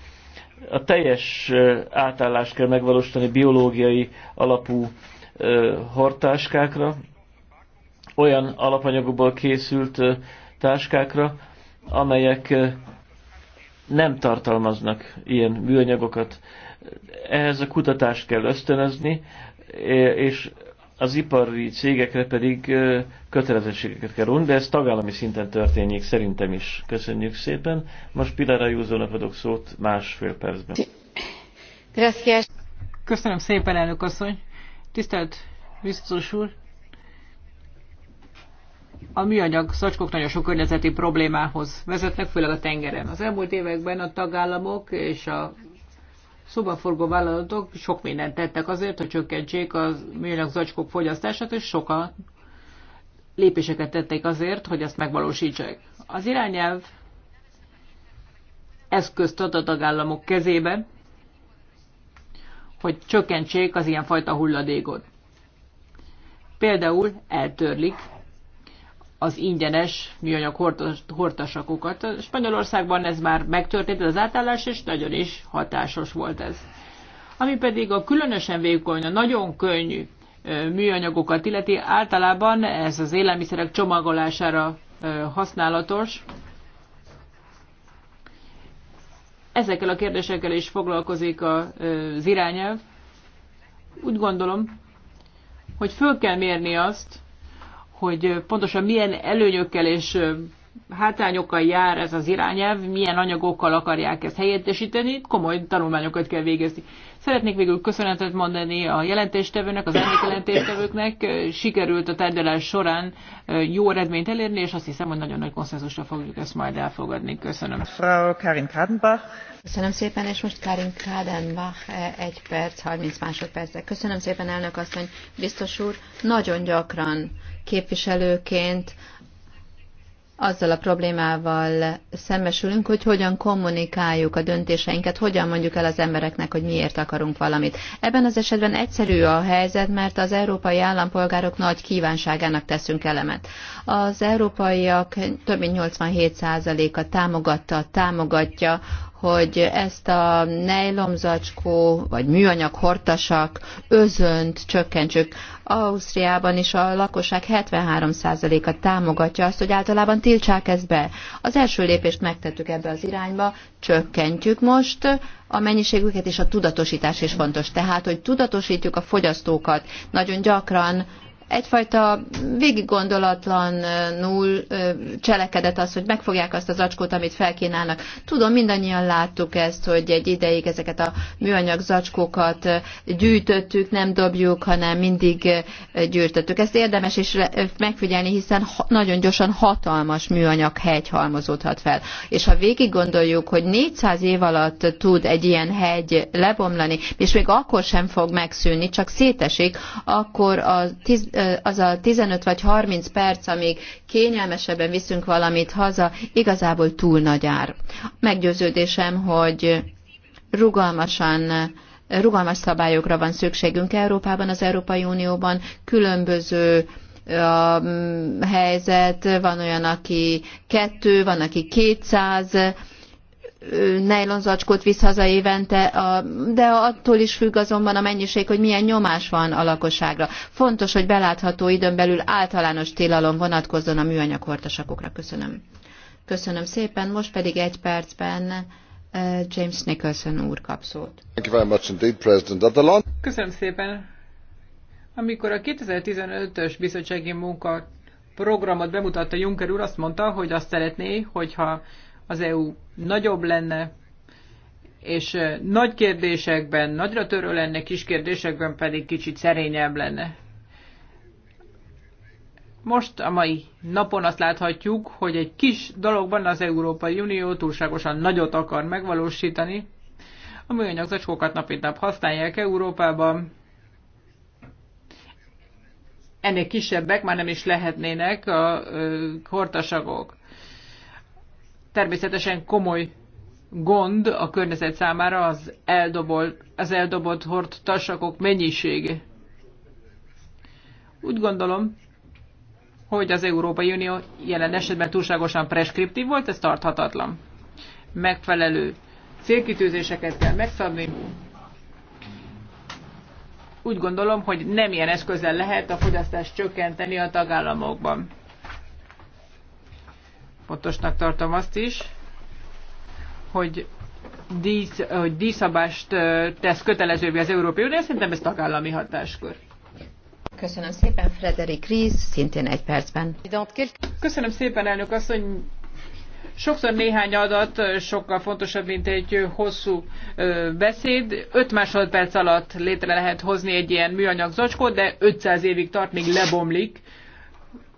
A teljes átállást kell megvalósítani biológiai alapú hortáskákra, olyan alapanyagokból készült táskákra, amelyek nem tartalmaznak ilyen műanyagokat. Ehhez a kutatást kell ösztönözni, és az ipari cégekre pedig kötelezettségeket kell rúni, de ez tagállami szinten történik szerintem is. Köszönjük szépen. Most Pilar Ajúzónak adok szót másfél percben. Köszönöm szépen, elnök asszony. Tisztelt biztos úr, a műanyag szacskok nagyon sok környezeti problémához vezetnek, főleg a tengeren. Az elmúlt években a tagállamok és a szobaforgó vállalatok sok mindent tettek azért, hogy csökkentsék a műanyag zacskók fogyasztását, és sokan lépéseket tették azért, hogy ezt megvalósítsák. Az irányelv eszközt ad a tagállamok kezébe, hogy csökkentsék az ilyenfajta hulladékot. Például eltörlik az ingyenes műanyag hordtasakokat. Spanyolországban ez már megtörtént az átállás, és nagyon is hatásos volt ez. Ami pedig a különösen vékony, a nagyon könnyű műanyagokat illeti, általában ez az élelmiszerek csomagolására használatos. Ezekkel a kérdésekkel is foglalkozik az irányelv. Úgy gondolom, hogy föl kell mérni azt, hogy pontosan milyen előnyökkel és hátrányokkal jár ez az irányelv, milyen anyagokkal akarják ezt helyettesíteni, komoly tanulmányokat kell végezni. Szeretnék végül köszönetet mondani a jelentéstevőnek, az jelentéstevőknek. Sikerült a tárgyalás során jó eredményt elérni, és azt hiszem, hogy nagyon nagy konszenzusra fogjuk ezt majd elfogadni. Köszönöm. Frau Karin Kadenbach. Köszönöm szépen, és most Karin Kadenbach, egy perc, 30 másodperc. Köszönöm szépen, elnök asszony, biztos úr. Nagyon gyakran képviselőként azzal a problémával szembesülünk, hogy hogyan kommunikáljuk a döntéseinket, hogyan mondjuk el az embereknek, hogy miért akarunk valamit. Ebben az esetben egyszerű a helyzet, mert az európai állampolgárok nagy kívánságának teszünk elemet. Az európaiak több mint 87%-a támogatta, támogatja hogy ezt a nejlomzacskó vagy műanyag hortasak özönt csökkentsük. Ausztriában is a lakosság 73%-a támogatja azt, hogy általában tiltsák ezt be. Az első lépést megtettük ebbe az irányba, csökkentjük most a mennyiségüket, és a tudatosítás is fontos. Tehát, hogy tudatosítjuk a fogyasztókat. Nagyon gyakran egyfajta végiggondolatlanul cselekedett az, hogy megfogják azt az acskót, amit felkínálnak. Tudom, mindannyian láttuk ezt, hogy egy ideig ezeket a műanyag zacskókat gyűjtöttük, nem dobjuk, hanem mindig gyűjtöttük. Ezt érdemes is megfigyelni, hiszen nagyon gyorsan hatalmas műanyag hegy halmozódhat fel. És ha végig gondoljuk, hogy 400 év alatt tud egy ilyen hegy lebomlani, és még akkor sem fog megszűnni, csak szétesik, akkor a az a 15 vagy 30 perc, amíg kényelmesebben viszünk valamit haza, igazából túl nagy ár. Meggyőződésem, hogy rugalmasan rugalmas szabályokra van szükségünk Európában, az Európai Unióban különböző a helyzet, van olyan, aki kettő, van, aki 200 nejlonzacskót visz haza évente, a, de attól is függ azonban a mennyiség, hogy milyen nyomás van a lakosságra. Fontos, hogy belátható időn belül általános tilalom vonatkozzon a műanyag hortasakokra. Köszönöm. Köszönöm szépen, most pedig egy percben eh, James Nicholson úr kap szót. Köszönöm szépen. Amikor a 2015-ös bizottsági munka programot bemutatta Juncker úr, azt mondta, hogy azt szeretné, hogyha az EU nagyobb lenne, és nagy kérdésekben nagyra törő lenne, kis kérdésekben pedig kicsit szerényebb lenne. Most a mai napon azt láthatjuk, hogy egy kis dologban az Európai Unió túlságosan nagyot akar megvalósítani. A műanyag zacskókat nap mint nap használják Európában. Ennél kisebbek már nem is lehetnének a hortasagok természetesen komoly gond a környezet számára az, eldobol, az eldobott hord tasakok mennyisége. Úgy gondolom, hogy az Európai Unió jelen esetben túlságosan preskriptív volt, ez tarthatatlan. Megfelelő célkitűzéseket kell megszabni. Úgy gondolom, hogy nem ilyen eszközzel lehet a fogyasztást csökkenteni a tagállamokban. Fontosnak tartom azt is, hogy, dísz, hogy díszabást tesz kötelezővé az Európai Unió, szerintem ez tagállami hatáskör. Köszönöm szépen, Frederik Ries, szintén egy percben. Köszönöm szépen, elnök asszony. Sokszor néhány adat sokkal fontosabb, mint egy hosszú beszéd. 5 másodperc alatt létre lehet hozni egy ilyen műanyag zacskót, de 500 évig tart, még lebomlik.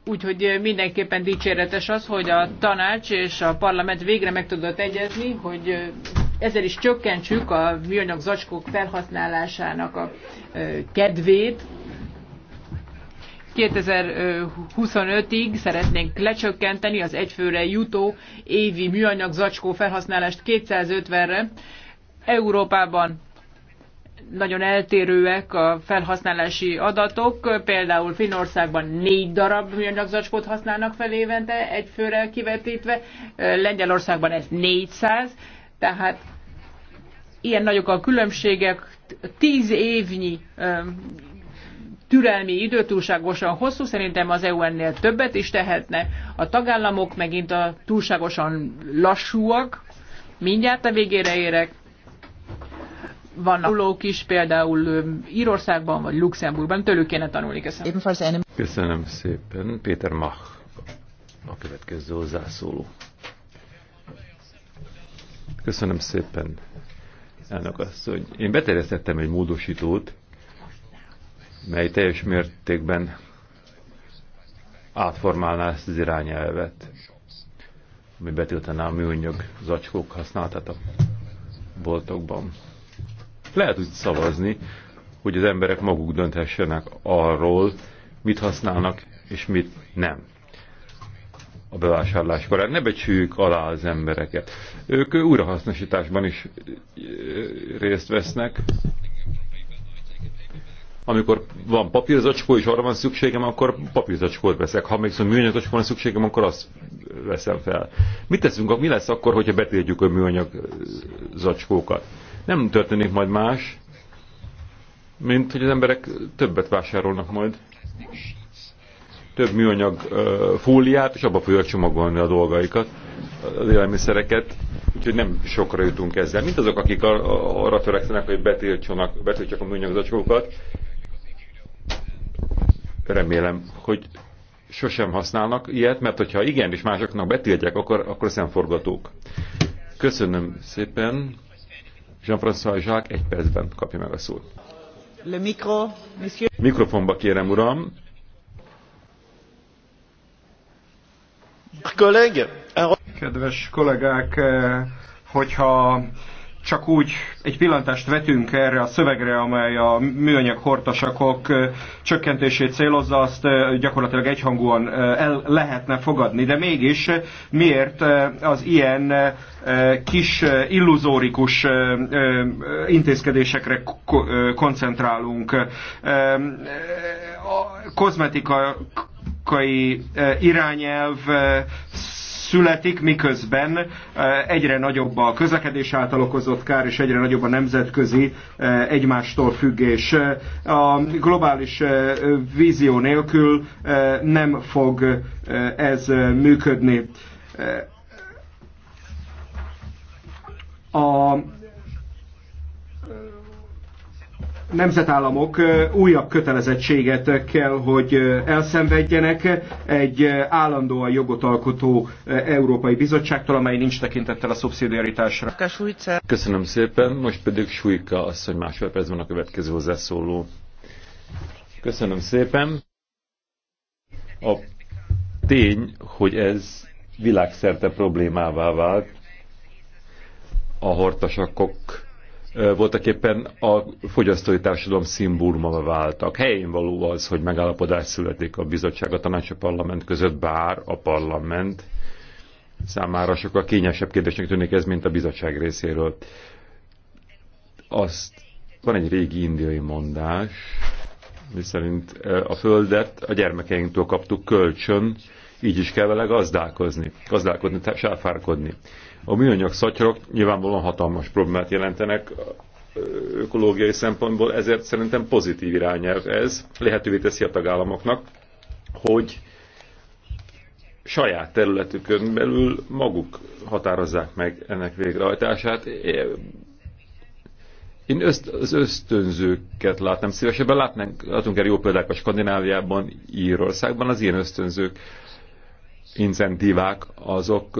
Úgyhogy eh, mindenképpen dicséretes az, hogy a tanács és a parlament végre meg tudott egyezni, hogy eh, ezzel is csökkentsük a műanyag zacskók felhasználásának a eh, kedvét. 2025-ig szeretnénk lecsökkenteni az egyfőre jutó évi műanyag zacskó felhasználást 250-re. Európában nagyon eltérőek a felhasználási adatok. Például Finnországban négy darab műanyag zacskót használnak fel évente, egy főre kivetítve. Lengyelországban ez 400. Tehát ilyen nagyok a különbségek. Tíz évnyi türelmi idő túlságosan hosszú, szerintem az EU ennél többet is tehetne. A tagállamok megint a túlságosan lassúak, mindjárt a végére érek vannak ulók is, például Írországban vagy Luxemburgban, tőlük kéne tanulni. Köszönöm. Köszönöm szépen. Péter Mach a következő hozzászóló. Köszönöm szépen, elnök asszony. Én beterjesztettem egy módosítót, mely teljes mértékben átformálná ezt az irányelvet, ami betiltaná a műanyag zacskók használatát a boltokban. Lehet úgy szavazni, hogy az emberek maguk dönthessenek arról, mit használnak és mit nem a bevásárlás korán. Ne becsüljük alá az embereket. Ők újrahasznosításban is eh, részt vesznek. Amikor van papírzacskó és arra van szükségem, akkor papírzacskót veszek. Ha még szóval műanyagzacskó van szükségem, akkor azt veszem fel. Mit teszünk, mi lesz akkor, hogyha betiltjuk a műanyag zacskókat? nem történik majd más, mint hogy az emberek többet vásárolnak majd. Több műanyag fóliát, és abba fogják csomagolni a dolgaikat, az élelmiszereket, úgyhogy nem sokra jutunk ezzel. Mint azok, akik arra törekszenek, hogy betiltsanak, betiltsak a műanyag zacskókat, remélem, hogy sosem használnak ilyet, mert hogyha igen, és másoknak betiltják, akkor, akkor szemforgatók. Köszönöm szépen. Jean-François Jacques egy percben kapja meg a szót. Le micro, monsieur. Mikrofonba kérem, uram. Kedves kollégák, eh, hogyha csak úgy egy pillantást vetünk erre a szövegre, amely a műanyag hortasakok csökkentését célozza, azt gyakorlatilag egyhangúan el lehetne fogadni, de mégis miért az ilyen kis illuzórikus intézkedésekre koncentrálunk. A kozmetika irányelv születik, miközben eh, egyre nagyobb a közlekedés által okozott kár, és egyre nagyobb a nemzetközi eh, egymástól függés. Eh, a globális vízió nélkül nem fog ez működni. A nemzetállamok újabb kötelezettséget kell, hogy elszenvedjenek egy állandóan jogot alkotó Európai Bizottságtól, amely nincs tekintettel a szubszidiaritásra. Köszönöm szépen, most pedig Sújka asszony másodpercben a következő hozzászóló. Köszönöm szépen. A tény, hogy ez világszerte problémává vált, a hortasakok voltak éppen a fogyasztói társadalom szimbóluma váltak. Helyén való az, hogy megállapodás születik a bizottság, a tanács a parlament között, bár a parlament számára sokkal kényesebb kérdésnek tűnik ez, mint a bizottság részéről. Azt van egy régi indiai mondás, miszerint a földet a gyermekeinktől kaptuk kölcsön, így is kell vele gazdálkozni, gazdálkodni, sáfárkodni. A műanyag szatyrok nyilvánvalóan hatalmas problémát jelentenek ökológiai szempontból, ezért szerintem pozitív irányelv ez. Lehetővé teszi a tagállamoknak, hogy saját területükön belül maguk határozzák meg ennek végrehajtását. Én öszt, az ösztönzőket látnám szívesebben, látnánk, látunk erre jó példák a Skandináviában, Írországban, az ilyen ösztönzők incentívák, azok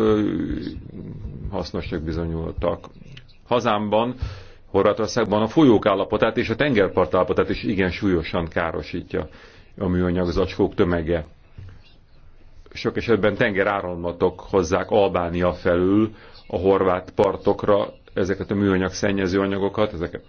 hasznosak bizonyultak. Hazámban, Horvátországban a folyók állapotát és a tengerpart állapotát is igen súlyosan károsítja a műanyag zacskók tömege. Sok esetben tengeráramlatok hozzák Albánia felül a horvát partokra ezeket a műanyag szennyező anyagokat, ezeket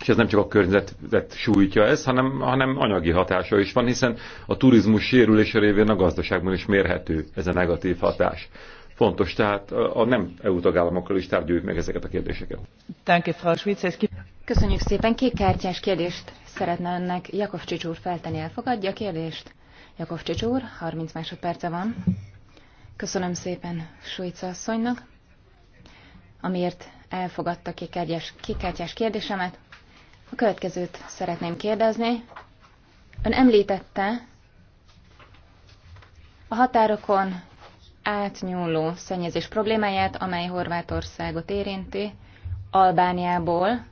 és ez nem csak a környezetet sújtja ez, hanem, hanem anyagi hatása is van, hiszen a turizmus sérülése révén a gazdaságban is mérhető ez a negatív hatás. Fontos, tehát a nem EU tagállamokkal is tárgyaljuk meg ezeket a kérdéseket. Köszönjük szépen. Kék kártyás kérdést szeretne önnek Jakov Csics úr feltenni. Elfogadja a kérdést? Jakov Csics úr, 30 másodperce van. Köszönöm szépen Suica asszonynak, amiért elfogadta kékkártyás, kékkártyás kérdésemet. A következőt szeretném kérdezni. Ön említette a határokon átnyúló szennyezés problémáját, amely Horvátországot érinti, Albániából,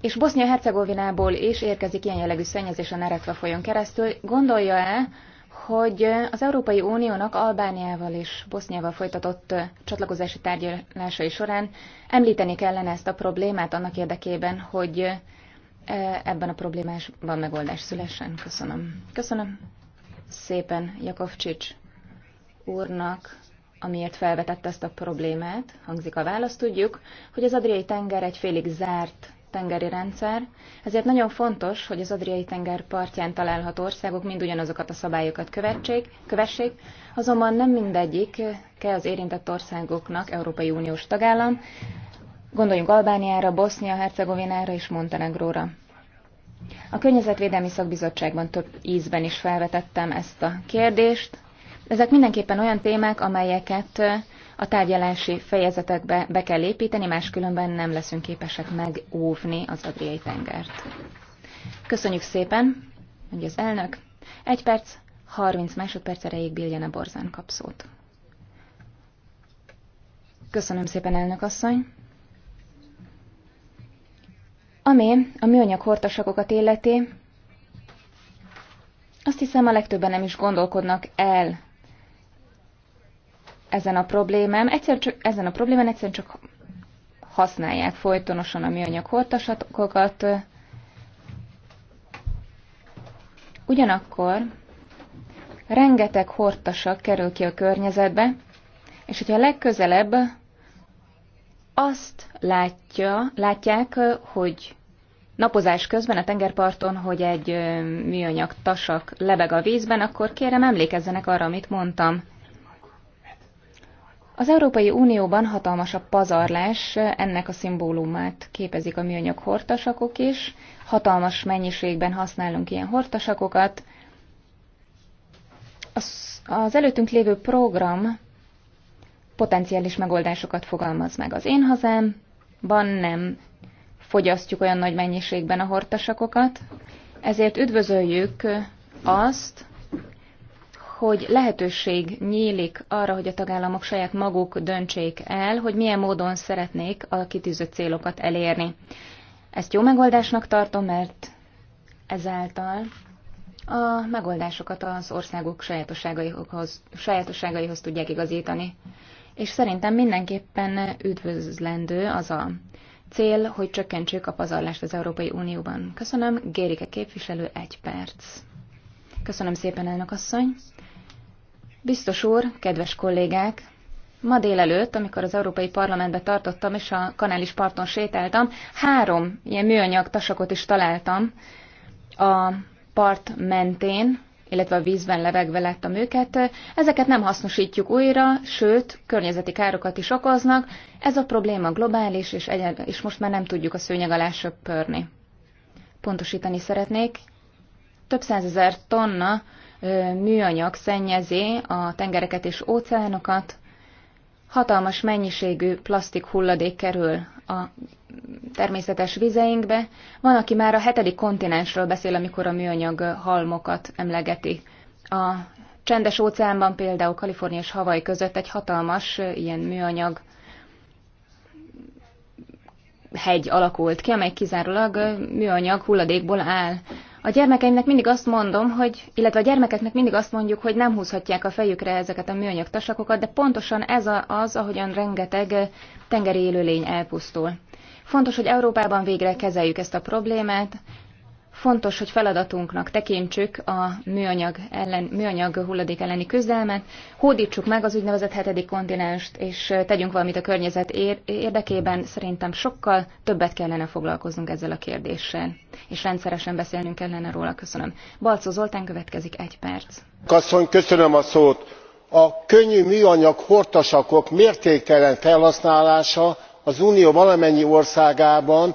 és Bosznia-Hercegovinából is érkezik ilyen jellegű szennyezés a Neretva folyón keresztül. Gondolja-e, hogy az Európai Uniónak Albániával és Boszniával folytatott csatlakozási tárgyalásai során említeni kellene ezt a problémát annak érdekében, hogy E, ebben a problémásban megoldás szülessen. Köszönöm. Köszönöm szépen Jakovcsics úrnak, amiért felvetette ezt a problémát, hangzik a válasz. Tudjuk, hogy az Adriai tenger egy félig zárt tengeri rendszer, ezért nagyon fontos, hogy az Adriai tenger partján található országok mind ugyanazokat a szabályokat követség, kövessék, azonban nem mindegyik kell az érintett országoknak Európai Uniós tagállam, Gondoljunk Albániára, Bosznia-Hercegovinára és Montenegróra. A Környezetvédelmi Szakbizottságban több ízben is felvetettem ezt a kérdést. Ezek mindenképpen olyan témák, amelyeket a tárgyalási fejezetekbe be kell építeni, máskülönben nem leszünk képesek megóvni az Adriai tengert. Köszönjük szépen, mondja az elnök. Egy perc, 30 másodperc erejéig Biljana Borzán kapszót. Köszönöm szépen, elnök asszony. Ami a műanyag hortasakokat illeti, azt hiszem a legtöbben nem is gondolkodnak el ezen a problémán. Egyszer csak, ezen a problémán egyszerűen csak használják folytonosan a műanyag hortasakokat. Ugyanakkor rengeteg hortasak kerül ki a környezetbe, és hogyha legközelebb azt látja, látják, hogy napozás közben a tengerparton, hogy egy műanyag tasak lebeg a vízben, akkor kérem emlékezzenek arra, amit mondtam. Az Európai Unióban hatalmas a pazarlás, ennek a szimbólumát képezik a műanyag hortasakok is. Hatalmas mennyiségben használunk ilyen hortasakokat. Az, az előttünk lévő program potenciális megoldásokat fogalmaz meg. Az én hazámban nem fogyasztjuk olyan nagy mennyiségben a hortasakokat, ezért üdvözöljük azt, hogy lehetőség nyílik arra, hogy a tagállamok saját maguk döntsék el, hogy milyen módon szeretnék a kitűzött célokat elérni. Ezt jó megoldásnak tartom, mert ezáltal a megoldásokat az országok sajátosságaihoz, sajátosságaihoz tudják igazítani és szerintem mindenképpen üdvözlendő az a cél, hogy csökkentsük a pazarlást az Európai Unióban. Köszönöm, Gérike képviselő, egy perc. Köszönöm szépen, elnök asszony. Biztos úr, kedves kollégák, ma délelőtt, amikor az Európai Parlamentbe tartottam és a kanális parton sétáltam, három ilyen műanyag tasakot is találtam a part mentén, illetve a vízben levegve a műket, ezeket nem hasznosítjuk újra, sőt, környezeti károkat is okoznak. Ez a probléma globális, és, egyed, és most már nem tudjuk a szőnyeg alá söpörni. Pontosítani szeretnék, több százezer tonna műanyag szennyezi a tengereket és óceánokat, hatalmas mennyiségű plastik hulladék kerül a természetes vizeinkbe. Van, aki már a hetedik kontinensről beszél, amikor a műanyag halmokat emlegeti. A csendes óceánban például Kalifornia és Havai között egy hatalmas ilyen műanyag hegy alakult ki, amely kizárólag műanyag hulladékból áll. A gyermekeimnek mindig azt mondom, hogy, illetve a gyermekeknek mindig azt mondjuk, hogy nem húzhatják a fejükre ezeket a műanyag tasakokat, de pontosan ez a, az, ahogyan rengeteg tengeri élőlény elpusztul. Fontos, hogy Európában végre kezeljük ezt a problémát, Fontos, hogy feladatunknak tekintsük a műanyag, ellen, műanyag hulladék elleni küzdelmet, hódítsuk meg az úgynevezett hetedik kontinenst, és tegyünk valamit a környezet érdekében. Szerintem sokkal többet kellene foglalkoznunk ezzel a kérdéssel, és rendszeresen beszélnünk kellene róla. Köszönöm. Balcó Zoltán következik egy perc. Kasszony, köszönöm a szót. A könnyű műanyag hortasakok mértéktelen felhasználása az unió valamennyi országában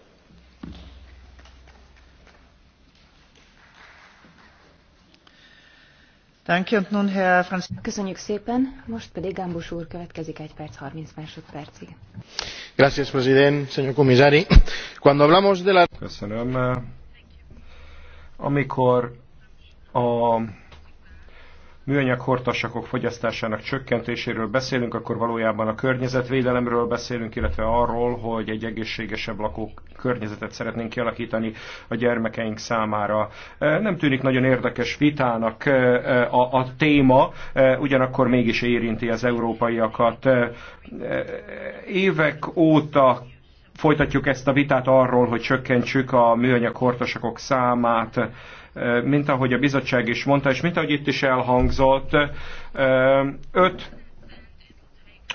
Köszönjük szépen, most pedig Gambus úr következik egy perc 30 másodpercig. Gracias, president, señor comisari. Cuando hablamos de la... Köszönöm. Amikor a műanyag hortasakok fogyasztásának csökkentéséről beszélünk, akkor valójában a környezetvédelemről beszélünk, illetve arról, hogy egy egészségesebb lakó környezetet szeretnénk kialakítani a gyermekeink számára. E, nem tűnik nagyon érdekes vitának e, e, a, a téma, ugyanakkor mégis érinti az európaiakat. Évek óta folytatjuk ezt a vitát arról, hogy csökkentsük a műanyag hortasakok számát, mint ahogy a bizottság is mondta, és mint ahogy itt is elhangzott, öt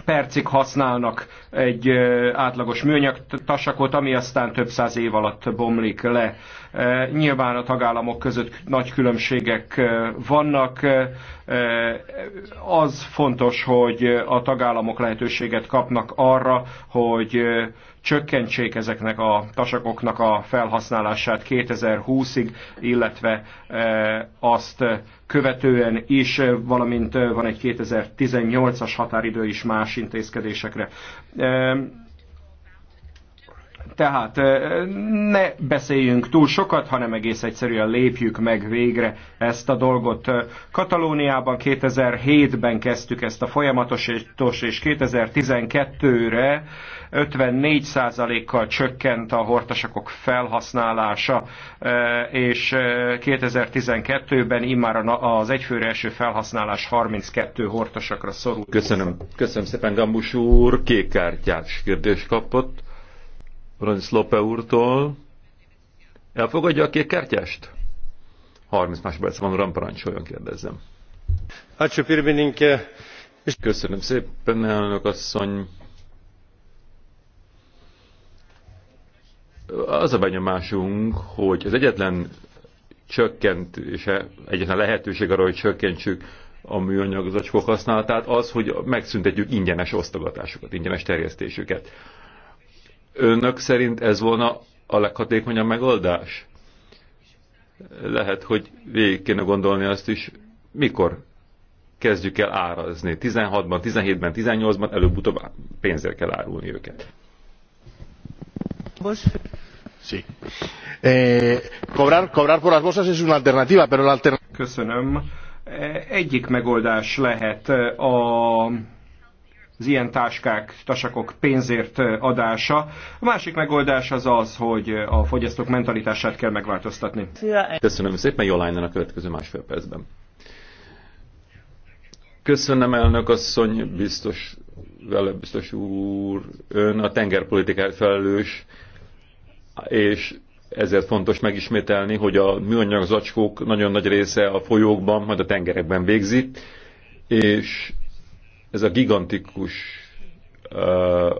percig használnak egy átlagos műanyag tasakot, ami aztán több száz év alatt bomlik le. Nyilván a tagállamok között nagy különbségek vannak. Az fontos, hogy a tagállamok lehetőséget kapnak arra, hogy csökkentsék ezeknek a tasakoknak a felhasználását 2020-ig, illetve e, azt követően is, valamint e, van egy 2018-as határidő is más intézkedésekre. E, tehát ne beszéljünk túl sokat, hanem egész egyszerűen lépjük meg végre ezt a dolgot. Katalóniában 2007-ben kezdtük ezt a folyamatos és 2012-re 54%-kal csökkent a hortasakok felhasználása, és 2012-ben immár az egyfőre eső felhasználás 32 hortasakra szorult. Köszönöm. Köszönöm szépen, Gambus úr. Kék kártyás kérdés kapott. Bronis Lope úrtól. Elfogadja a kék kártyást? 30 másodperc van, uram, parancsoljon, kérdezzem. Köszönöm szépen, elnök asszony. Az a benyomásunk, hogy az egyetlen csökkentése, egyetlen lehetőség arra, hogy csökkentsük a műanyag zacskók használatát, az, hogy megszüntetjük ingyenes osztogatásokat, ingyenes terjesztésüket. Önök szerint ez volna a leghatékonyabb megoldás? Lehet, hogy végig kéne gondolni azt is, mikor kezdjük el árazni. 16-ban, 17-ben, 18-ban előbb-utóbb pénzért kell árulni őket. Most Sí. Eh, cobrar, cobrar por las bolsas es una alternativa, pero la alternativa... Köszönöm. Eh, egyik megoldás lehet eh, a az ilyen táskák, tasakok pénzért adása. A másik megoldás az az, hogy a fogyasztók mentalitását kell megváltoztatni. Köszönöm szépen, Jolányan a következő másfél percben. Köszönöm, elnök asszony, biztos, vele biztos úr, ön a tengerpolitikát felelős, és ezért fontos megismételni, hogy a műanyag zacskók nagyon nagy része a folyókban, majd a tengerekben végzi, és ez a gigantikus uh,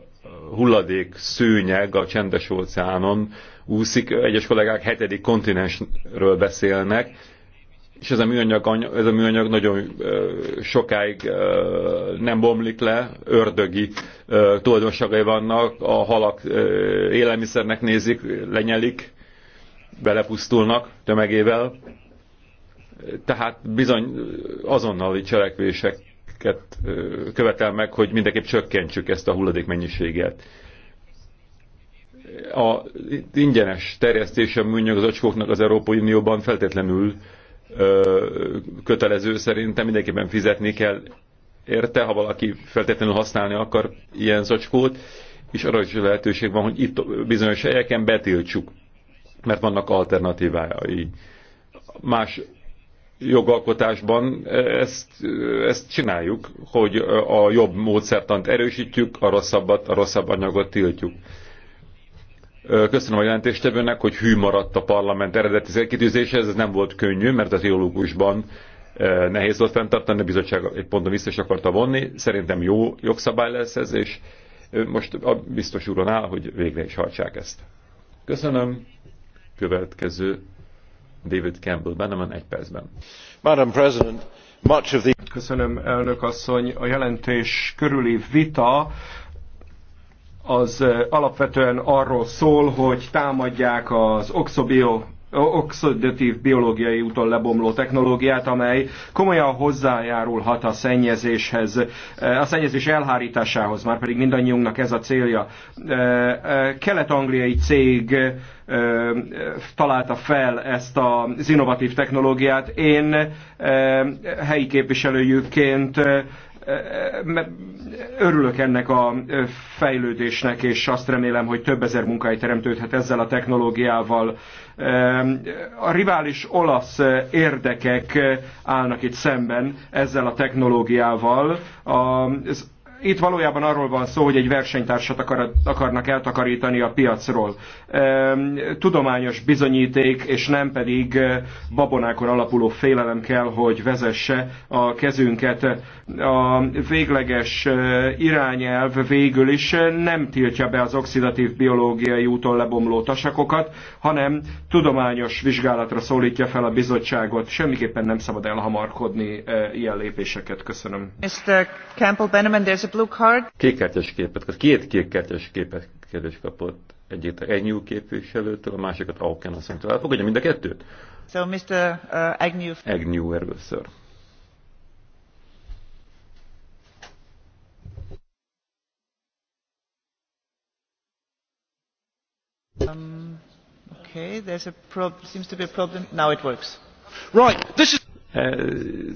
hulladék szőnyeg a csendes óceánon úszik. Egyes kollégák hetedik kontinensről beszélnek, és ez a műanyag, ez a műanyag nagyon uh, sokáig uh, nem bomlik le, ördögi uh, tulajdonságai vannak, a halak uh, élelmiszernek nézik, lenyelik, belepusztulnak tömegével. Tehát bizony azonnali cselekvések ket követel meg, hogy mindenképp csökkentsük ezt a hulladék mennyiséget. A ingyenes terjesztése műanyag zacskóknak az Európai Unióban feltétlenül kötelező szerintem mindenképpen fizetni kell érte, ha valaki feltétlenül használni akar ilyen zacskót, és arra is lehetőség van, hogy itt bizonyos helyeken betiltsuk, mert vannak alternatívái. Más jogalkotásban e, ezt, e, ezt csináljuk, hogy e, a jobb módszertant erősítjük, a rosszabbat, a rosszabb anyagot tiltjuk. Köszönöm a jelentéstevőnek, hogy hű maradt a parlament eredeti célkitűzéshez, ez nem volt könnyű, mert a triológusban nehéz volt fenntartani, a bizottság egy ponton vissza is akarta vonni. Szerintem jó jogszabály lesz ez, és most a biztos úron áll, hogy végre is hajtsák ezt. Köszönöm. Következő David Campbell Bannerman egy percben. Madam President, much of the... Köszönöm, elnök asszony. A jelentés körüli vita az eh, alapvetően arról szól, hogy támadják az Oxobio oxidatív biológiai úton lebomló technológiát, amely komolyan hozzájárulhat a szennyezéshez, eh, a szennyezés elhárításához, már pedig mindannyiunknak ez a célja. Eh, eh, kelet-angliai cég találta fel ezt az innovatív technológiát. Én helyi képviselőjükként örülök ennek a fejlődésnek, és azt remélem, hogy több ezer munkai teremtődhet ezzel a technológiával. A rivális olasz érdekek állnak itt szemben ezzel a technológiával. Az itt valójában arról van szó, hogy egy versenytársat akar, akarnak eltakarítani a piacról. Ehm, tudományos bizonyíték, és nem pedig eh, babonákon alapuló félelem kell, hogy vezesse a kezünket. A végleges eh, irányelv végül is eh, nem tiltja be az oxidatív biológiai úton lebomló tasakokat, hanem tudományos vizsgálatra szólítja fel a bizottságot. Semmiképpen nem szabad elhamarkodni ilyen lépéseket. Köszönöm. Mr. Campbell Benneman, there's a blue card. Kékkártyás képet, két kékkártyás képet kérdés kapott egyik Agnew képviselőtől, a másikat Auken asszonytól. Elfogadja mind a kettőt? So Mr. Uh, Agnew. Agnew először. Um, okay, there's a problem. Seems to be a problem. Now it works. Right. This is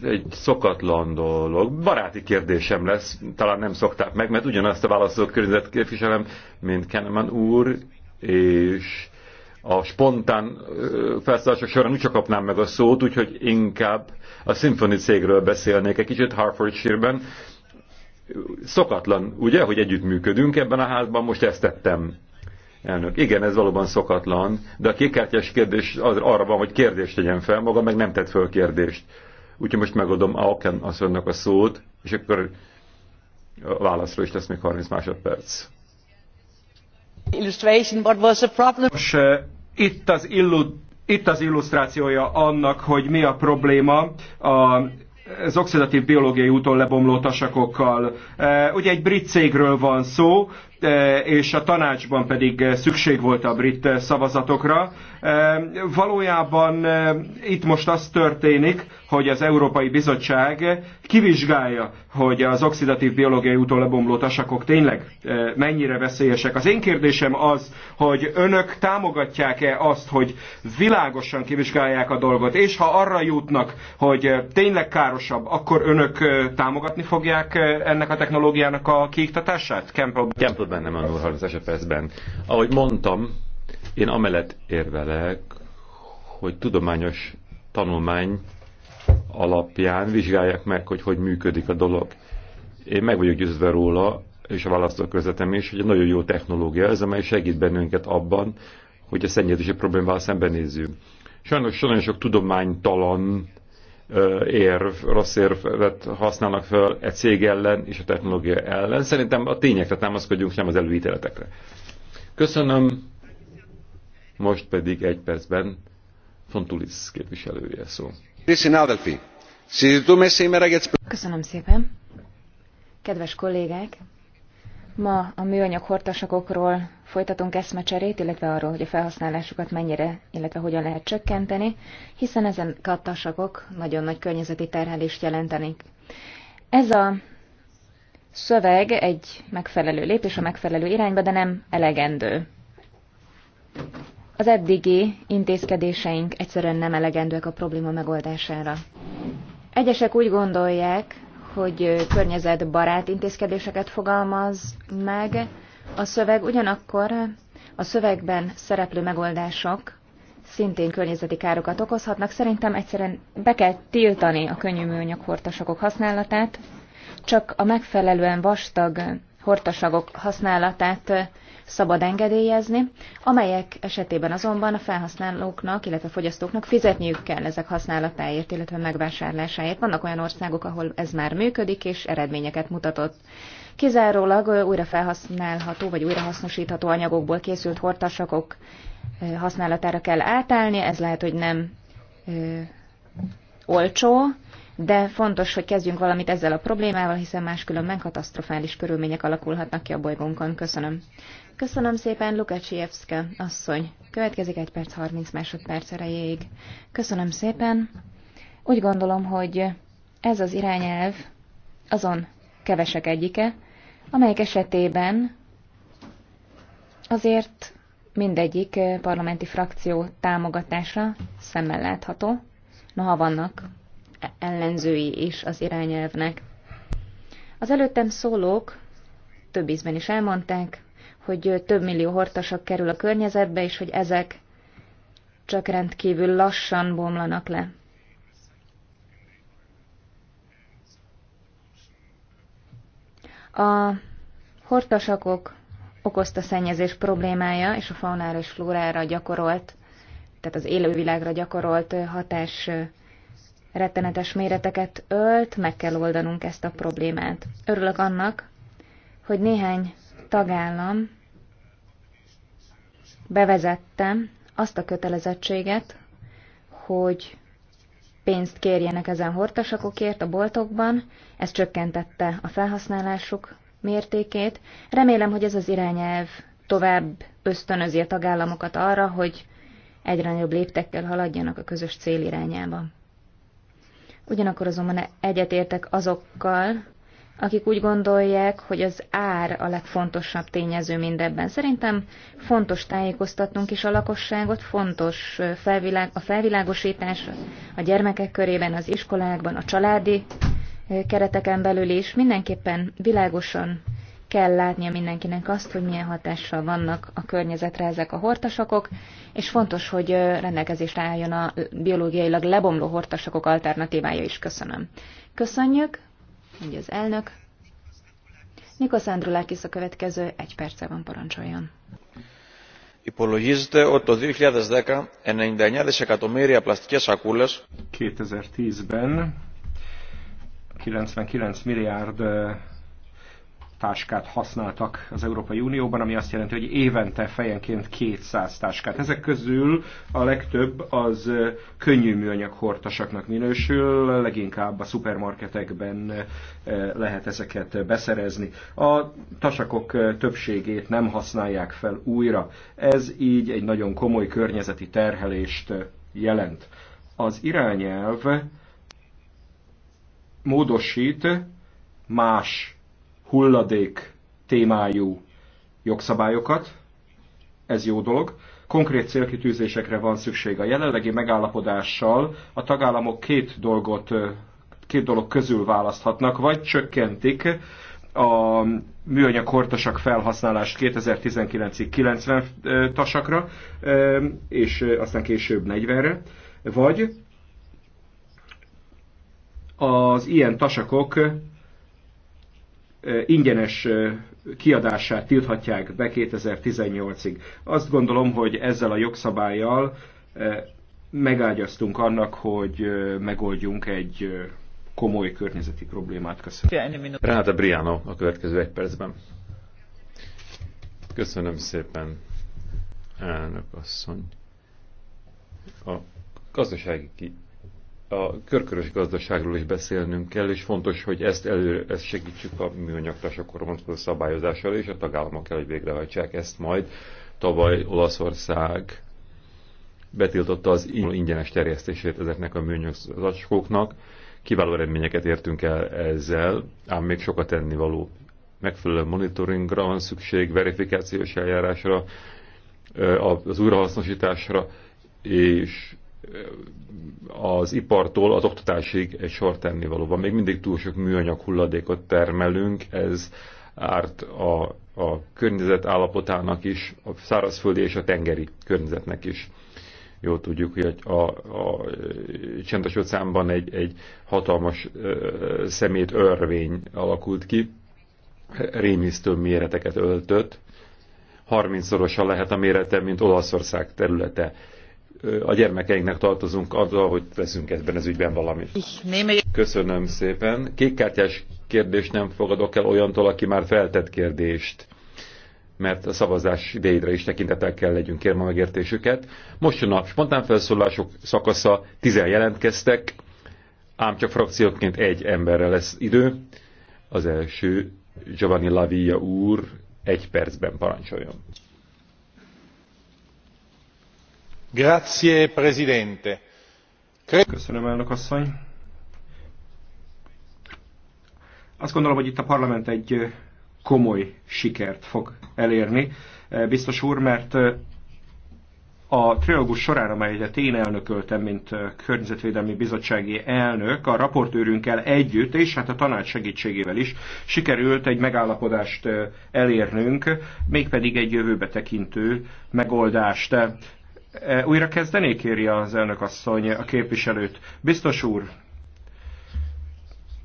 egy szokatlan dolog. Baráti kérdésem lesz, talán nem szokták meg, mert ugyanazt a válaszolók környezet képviselem, mint Kenneman úr, és a spontán felszállások során úgy kapnám meg a szót, úgyhogy inkább a Symphony cégről beszélnék egy kicsit Hartfordshire-ben. Szokatlan, ugye, hogy együttműködünk ebben a házban, most ezt tettem. Elnök, igen, ez valóban szokatlan, de a kékkártyás kérdés az arra van, hogy kérdést tegyen fel, maga meg nem tett föl kérdést. Úgyhogy most megadom Auken asszonynak a szót, és akkor a válaszra is lesz még 30 másodperc. Illustration, what was the problem? Most, uh, eh, itt az illu itt az illusztrációja annak, hogy mi a probléma a az oxidatív biológiai úton lebomló tasakokkal. Eh, ugye egy brit cégről van szó, Eh, és a tanácsban pedig eh, szükség volt a brit eh, szavazatokra. Valójában itt most az történik, hogy az Európai Bizottság kivizsgálja, hogy az oxidatív biológiai úton lebomló tasakok tényleg mennyire veszélyesek. Az én kérdésem az, hogy önök támogatják-e azt, hogy világosan kivizsgálják a dolgot, és ha arra jutnak, hogy tényleg károsabb, akkor önök támogatni fogják ennek a technológiának a kiiktatását? Campbell. Campbell bennem a úr 30 percben. Ahogy mondtam, én amellett érvelek, hogy tudományos tanulmány alapján vizsgálják meg, hogy hogy működik a dolog. Én meg vagyok győzve róla, és a választókörzetem is, hogy egy nagyon jó technológia ez, amely segít bennünket abban, hogy a szennyezési problémával szembenézzünk. Sajnos nagyon sok tudománytalan érv, rossz érvet használnak fel egy cég ellen és a technológia ellen. Szerintem a tényekre támaszkodjunk, nem az előítéletekre. Köszönöm. Most pedig egy percben Fontulis képviselője szó. Köszönöm szépen. Kedves kollégák, ma a műanyag hortasakokról folytatunk eszmecserét, illetve arról, hogy a felhasználásukat mennyire, illetve hogyan lehet csökkenteni, hiszen ezen kattasakok nagyon nagy környezeti terhelést jelentenek. Ez a szöveg egy megfelelő lépés a megfelelő irányba, de nem elegendő. Az eddigi intézkedéseink egyszerűen nem elegendőek a probléma megoldására. Egyesek úgy gondolják, hogy környezetbarát intézkedéseket fogalmaz meg, a szöveg, ugyanakkor a szövegben szereplő megoldások szintén környezeti károkat okozhatnak. Szerintem egyszerűen be kell tiltani a könnyű műanyag hortasagok használatát, csak a megfelelően vastag hortasagok használatát szabad engedélyezni, amelyek esetében azonban a felhasználóknak, illetve a fogyasztóknak fizetniük kell ezek használatáért, illetve megvásárlásáért. Vannak olyan országok, ahol ez már működik és eredményeket mutatott kizárólag újra felhasználható vagy hasznosítható anyagokból készült hortasakok használatára kell átállni, ez lehet, hogy nem ö, olcsó, de fontos, hogy kezdjünk valamit ezzel a problémával, hiszen máskülönben katasztrofális körülmények alakulhatnak ki a bolygónkon. Köszönöm. Köszönöm szépen, Lukácsievszke asszony. Következik egy perc 30 másodperc erejéig. Köszönöm szépen. Úgy gondolom, hogy ez az irányelv azon kevesek egyike, amelyek esetében azért mindegyik eh, parlamenti frakció támogatása szemmel látható, noha vannak e- ellenzői is az irányelvnek. Az előttem szólók több ízben is elmondták, hogy eh, több millió hortasak kerül a környezetbe, és hogy ezek csak rendkívül lassan bomlanak le. A hortasakok okozta szennyezés problémája és a faunára és flórára gyakorolt, tehát az élővilágra gyakorolt hatás rettenetes méreteket ölt, meg kell oldanunk ezt a problémát. Örülök annak, hogy néhány tagállam bevezette azt a kötelezettséget, hogy pénzt kérjenek ezen hortasakokért a boltokban, ez csökkentette a felhasználásuk mértékét. Remélem, hogy ez az irányelv tovább ösztönözi a tagállamokat arra, hogy egyre nagyobb léptekkel haladjanak a közös cél irányába. Ugyanakkor azonban egyetértek azokkal, akik úgy gondolják, hogy az ár a legfontosabb tényező mindebben. Szerintem fontos tájékoztatnunk is a lakosságot, fontos felvilág, a felvilágosítás a gyermekek körében, az iskolákban, a családi kereteken belül is. Mindenképpen világosan kell látnia mindenkinek azt, hogy milyen hatással vannak a környezetre ezek a hortasakok, és fontos, hogy rendelkezésre álljon a biológiailag lebomló hortasakok alternatívája is. Köszönöm. Köszönjük! mondja az elnök. Nikos Andrulakis a következő, egy perce van, parancsoljon. Υπολογίζεται ότι το 2010 99 δισεκατομμύρια πλαστικές σακούλες 2010-ben 99 milliárd táskát használtak az Európai Unióban, ami azt jelenti, hogy évente fejenként 200 táskát. Ezek közül a legtöbb az könnyű műanyag hortasaknak minősül, leginkább a szupermarketekben lehet ezeket beszerezni. A tasakok többségét nem használják fel újra. Ez így egy nagyon komoly környezeti terhelést jelent. Az irányelv módosít más hulladék témájú jogszabályokat, ez jó dolog. Konkrét célkitűzésekre van szükség. A jelenlegi megállapodással a tagállamok két dolgot, két dolog közül választhatnak, vagy csökkentik a műanyag hortosak felhasználást 2019-ig 90 tasakra, és aztán később 40-re, vagy az ilyen tasakok ingyenes kiadását tilthatják be 2018-ig. Azt gondolom, hogy ezzel a jogszabályjal megágyaztunk annak, hogy megoldjunk egy komoly környezeti problémát. Köszönöm. Renata Briano a következő egy percben. Köszönöm szépen, elnök asszony. A gazdasági a körkörös gazdaságról is beszélnünk kell, és fontos, hogy ezt előre ezt segítsük a műanyagtasakor vonatkozó szabályozással, és a tagállamok kell, hogy végrehajtsák ezt majd. Tavaly Olaszország betiltotta az ingyenes terjesztését ezeknek a műanyagzacskóknak. Kiváló eredményeket értünk el ezzel, ám még sokat tennivaló. Megfelelő monitoringra van szükség, verifikációs eljárásra, az újrahasznosításra, és az ipartól az oktatásig egy sor tenni van. Még mindig túl sok műanyag hulladékot termelünk, ez árt a, a környezet állapotának is, a szárazföldi és a tengeri környezetnek is. Jó tudjuk, hogy a, a, a csendes óceánban egy, egy hatalmas ö, szemét örvény alakult ki, rémisztő méreteket öltött, 30 szorosan lehet a mérete, mint Olaszország területe a gyermekeinknek tartozunk azzal, hogy veszünk ebben az ügyben valamit. Köszönöm szépen. Kékkártyás kérdést nem fogadok el olyantól, aki már feltett kérdést mert a szavazás idejére is tekintetel kell legyünk, kérem a megértésüket. Most jön a spontán felszólások szakasza, tizen jelentkeztek, ám csak frakcióként egy emberre lesz idő. Az első Giovanni Lavia úr egy percben parancsoljon. Köszönöm, elnök asszony. Azt gondolom, hogy itt a parlament egy komoly sikert fog elérni, biztos úr, mert a trilógus során, amelyet én elnököltem, mint környezetvédelmi bizottsági elnök, a raportőrünkkel együtt, és hát a tanács segítségével is sikerült egy megállapodást elérnünk, mégpedig egy jövőbe tekintő megoldást. Újra kezdené, kéri az elnök asszony a képviselőt. Biztos úr,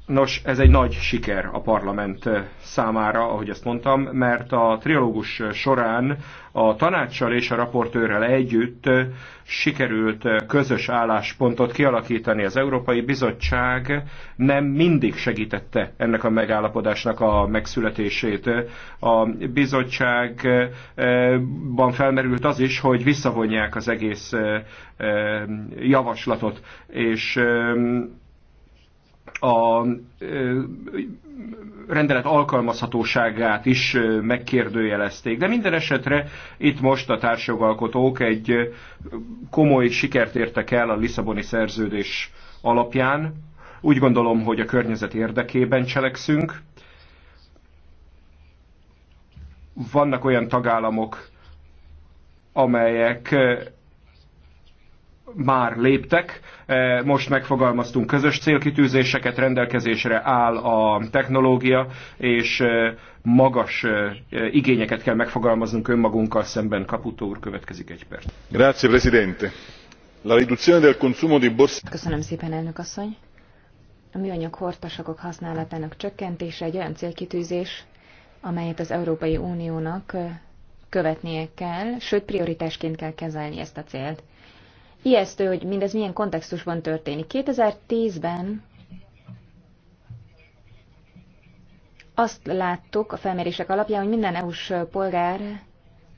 Nos, ez egy nagy siker a parlament eh, számára, ahogy ezt mondtam, mert a trialógus során a tanácssal és a raportőrrel együtt eh, sikerült eh, közös álláspontot kialakítani. Az Európai Bizottság nem mindig segítette ennek a megállapodásnak a megszületését. A bizottságban felmerült az is, hogy visszavonják az egész javaslatot, és a rendelet alkalmazhatóságát is megkérdőjelezték. De minden esetre itt most a társjogalkotók egy komoly sikert értek el a Lisszaboni szerződés alapján. Úgy gondolom, hogy a környezet érdekében cselekszünk. Vannak olyan tagállamok, amelyek már léptek, e, most megfogalmaztunk közös célkitűzéseket, rendelkezésre áll a technológia, és e, magas e, igényeket kell megfogalmaznunk önmagunkkal szemben. Kaputó úr, következik egy perc. Grazie, Presidente. La riduzione del consumo di borsa... Köszönöm szépen, elnök asszony. A műanyag hortasakok használatának csökkentése egy olyan célkitűzés, amelyet az Európai Uniónak követnie kell, sőt prioritásként kell kezelni ezt a célt. Ijesztő, hogy mindez milyen kontextusban történik. 2010-ben azt láttuk a felmérések alapján, hogy minden EU-s polgár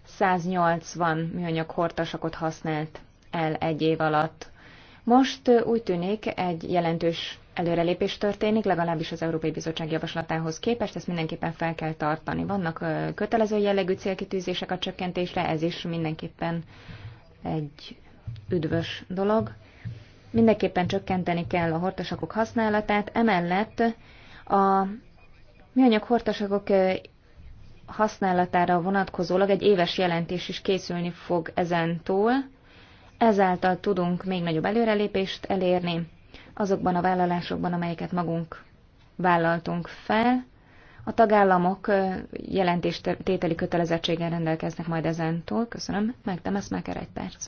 180 műanyag hortasakot használt el egy év alatt. Most úgy tűnik, egy jelentős előrelépés történik, legalábbis az Európai Bizottság javaslatához képest, ezt mindenképpen fel kell tartani. Vannak kötelező jellegű célkitűzések a csökkentésre, ez is mindenképpen egy üdvös dolog. Mindenképpen csökkenteni kell a hortasakok használatát, emellett a műanyag hortasakok használatára vonatkozólag egy éves jelentés is készülni fog ezentúl. Ezáltal tudunk még nagyobb előrelépést elérni azokban a vállalásokban, amelyeket magunk vállaltunk fel. A tagállamok jelentéstételi kötelezettséggel rendelkeznek majd ezentúl. Köszönöm, megtem ezt már egy perc.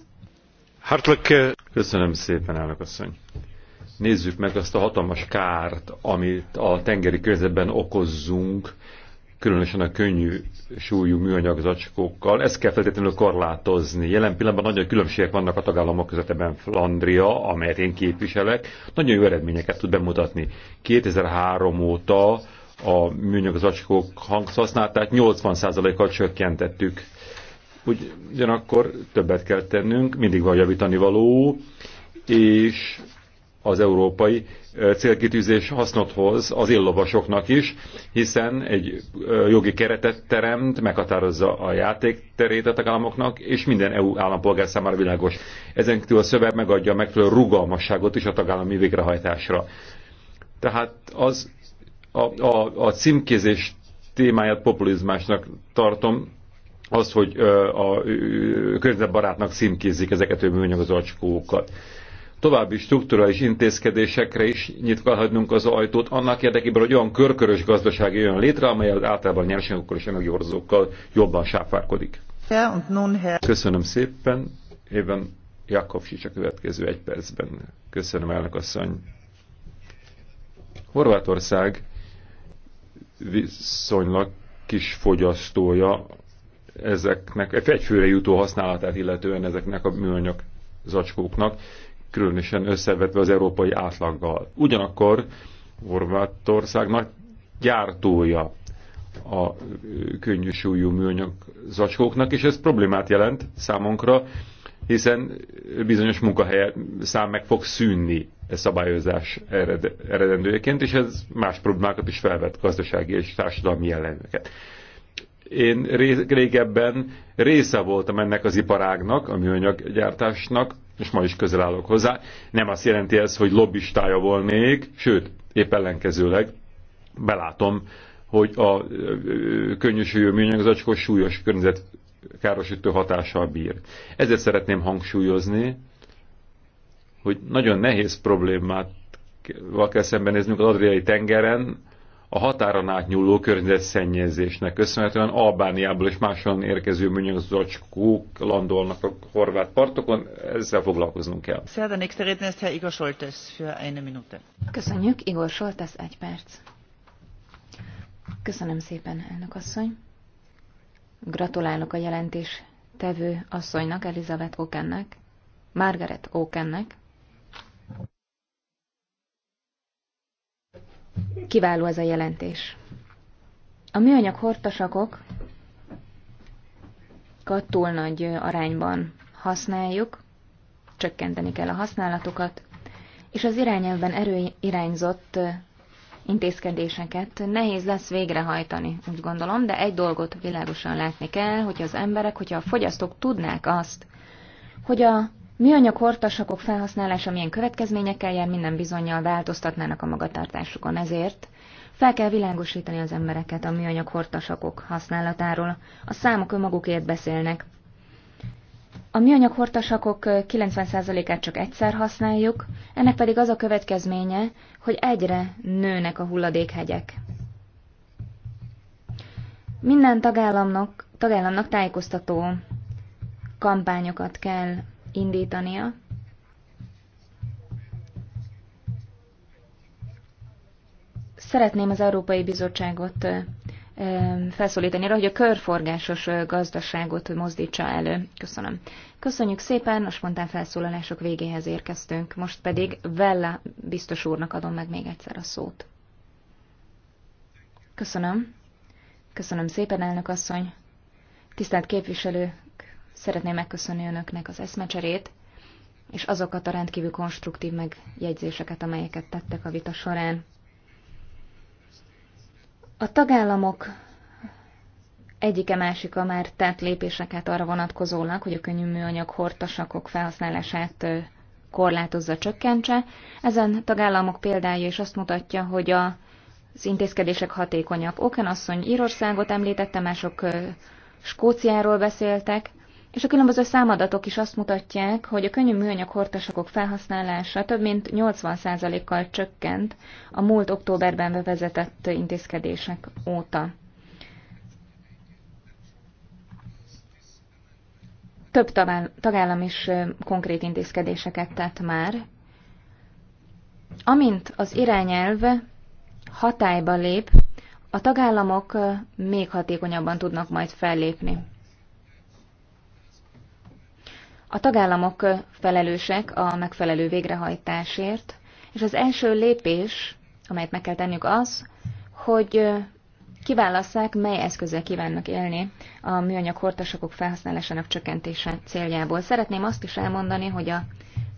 Hartlik. Eh, Köszönöm szépen, elnök asszony. Nézzük meg azt a hatalmas kárt, amit a tengeri körzetben okozzunk, különösen a könnyű súlyú műanyag zacskókkal. Ezt kell feltétlenül korlátozni. Jelen pillanatban nagyon különbségek vannak a tagállamok között, ebben Flandria, amelyet én képviselek, nagyon jó eredményeket tud bemutatni. 2003 óta a műanyag zacskók hangszhasználatát 80%-kal csökkentettük úgy, ugyanakkor többet kell tennünk, mindig van javítani való, és az európai célkitűzés hasznot hoz az illovasoknak is, hiszen egy jogi keretet teremt, meghatározza a játékterét a tagállamoknak, és minden EU állampolgár számára világos. Ezen a szöveg megadja megfelelő rugalmasságot is a tagállami végrehajtásra. Tehát az a, a, a címkézés témáját populizmásnak tartom, az, hogy a környezetbarátnak címkézik ezeket a műanyag az acskókat. További strukturális intézkedésekre is nyitva hagynunk az ajtót, annak érdekében, hogy olyan körkörös gazdaság jön létre, amely az általában nyersanyagokkal és energiaorzókkal jobban sáfárkodik. Köszönöm szépen, éven Jakovsics a következő egy percben. Köszönöm, elnök asszony. Horvátország viszonylag kis fogyasztója ezeknek fegyfőre jutó használatát illetően ezeknek a műanyag zacskóknak, különösen összevetve az európai átlaggal. Ugyanakkor Horvátország nagy gyártója a könnyű súlyú műanyag zacskóknak, és ez problémát jelent számunkra, hiszen bizonyos munkahely szám meg fog szűnni e szabályozás ered, eredendőjeként, és ez más problémákat is felvet, gazdasági és társadalmi jelenleket. Én régebben része voltam ennek az iparágnak, a műanyaggyártásnak, és ma is közel állok hozzá. Nem azt jelenti ez, hogy lobbistája volnék, sőt, épp ellenkezőleg belátom, hogy a könnyűsülő műanyag zacskó súlyos környezetkárosító hatással bír. Ezért szeretném hangsúlyozni, hogy nagyon nehéz problémát kell szembenéznünk az Adriai tengeren, a határon átnyúló környezetszennyezésnek köszönhetően Albániából és máshonnan érkező műanyagzacskók landolnak a horvát partokon, ezzel foglalkoznunk kell. Köszönjük, Igor Soltesz, egy perc. Köszönöm szépen, elnök asszony. Gratulálok a jelentés tevő asszonynak, Elizabeth Okennek, Margaret Okennek, Kiváló ez a jelentés. A műanyag hortasakok túl nagy arányban használjuk, csökkenteni kell a használatukat, és az irányelvben irányzott intézkedéseket nehéz lesz végrehajtani, úgy gondolom, de egy dolgot világosan látni kell, hogy az emberek, hogyha a fogyasztók tudnák azt, hogy a Műanyag hortasakok felhasználása milyen következményekkel jár, minden bizonyal változtatnának a magatartásukon ezért. Fel kell világosítani az embereket a műanyag hortasakok használatáról. A számok önmagukért beszélnek. A műanyag hortasakok 90%-át csak egyszer használjuk, ennek pedig az a következménye, hogy egyre nőnek a hulladékhegyek. Minden tagállamnak, tagállamnak tájékoztató kampányokat kell indítania. Szeretném az Európai Bizottságot felszólítani arra, hogy a körforgásos gazdaságot mozdítsa elő. Köszönöm. Köszönjük szépen, a spontán felszólalások végéhez érkeztünk. Most pedig Vella biztos úrnak adom meg még egyszer a szót. Köszönöm. Köszönöm szépen, elnök asszony. Tisztelt képviselő Szeretném megköszönni önöknek az eszmecserét, és azokat a rendkívül konstruktív megjegyzéseket, amelyeket tettek a vita során. A tagállamok egyike másika már tett lépéseket arra vonatkozólag, hogy a könnyű műanyag hortasakok felhasználását korlátozza, csökkentse. Ezen tagállamok példája is azt mutatja, hogy a, az intézkedések hatékonyak. Oken Írországot említette, mások Skóciáról beszéltek és a különböző számadatok is azt mutatják, hogy a könnyű műanyag hortasokok felhasználása több mint 80%-kal csökkent a múlt októberben bevezetett intézkedések óta. Több tagállam is konkrét intézkedéseket tett már. Amint az irányelv hatályba lép, a tagállamok még hatékonyabban tudnak majd fellépni. A tagállamok felelősek a megfelelő végrehajtásért, és az első lépés, amelyet meg kell tenniük az, hogy kiválasszák, mely eszközzel kívánnak élni a műanyag hortasokok felhasználásának csökkentése céljából. Szeretném azt is elmondani, hogy az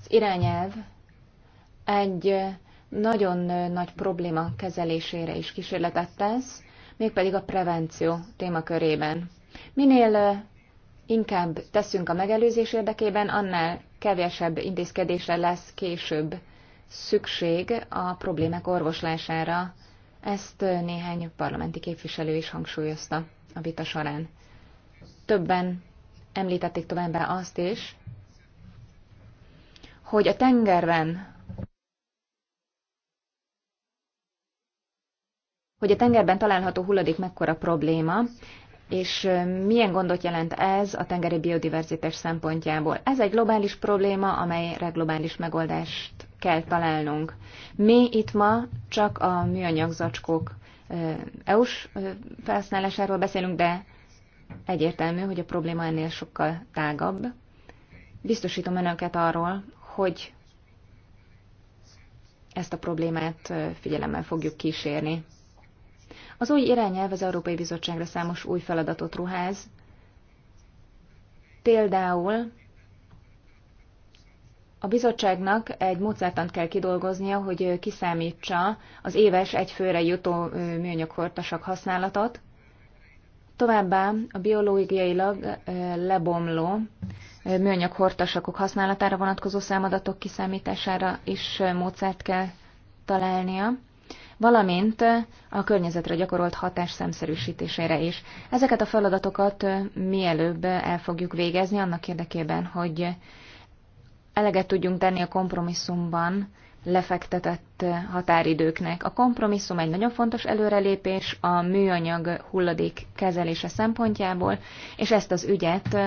irányelv egy nagyon nagy probléma kezelésére is kísérletet tesz, mégpedig a prevenció témakörében. Minél inkább teszünk a megelőzés érdekében, annál kevesebb intézkedésre lesz később szükség a problémák orvoslására. Ezt néhány parlamenti képviselő is hangsúlyozta a vita során. Többen említették továbbá azt is, hogy a tengerben hogy a tengerben található hulladék mekkora probléma és milyen gondot jelent ez a tengeri biodiverzitás szempontjából? Ez egy globális probléma, amelyre globális megoldást kell találnunk. Mi itt ma csak a műanyag zacskók EU-s felhasználásáról beszélünk, de egyértelmű, hogy a probléma ennél sokkal tágabb. Biztosítom önöket arról, hogy ezt a problémát figyelemmel fogjuk kísérni. Az új irányelv az Európai Bizottságra számos új feladatot ruház, Például a bizottságnak egy módszertant kell kidolgoznia, hogy kiszámítsa az éves egyfőre jutó műanyaghortasak használatot, továbbá a biológiailag lebomló műanyaghortasakok használatára vonatkozó számadatok kiszámítására is módszert kell találnia, valamint a környezetre gyakorolt hatás szemszerűsítésére is. Ezeket a feladatokat mielőbb el fogjuk végezni annak érdekében, hogy eleget tudjunk tenni a kompromisszumban lefektetett határidőknek. A kompromisszum egy nagyon fontos előrelépés a műanyag hulladék kezelése szempontjából, és ezt az ügyet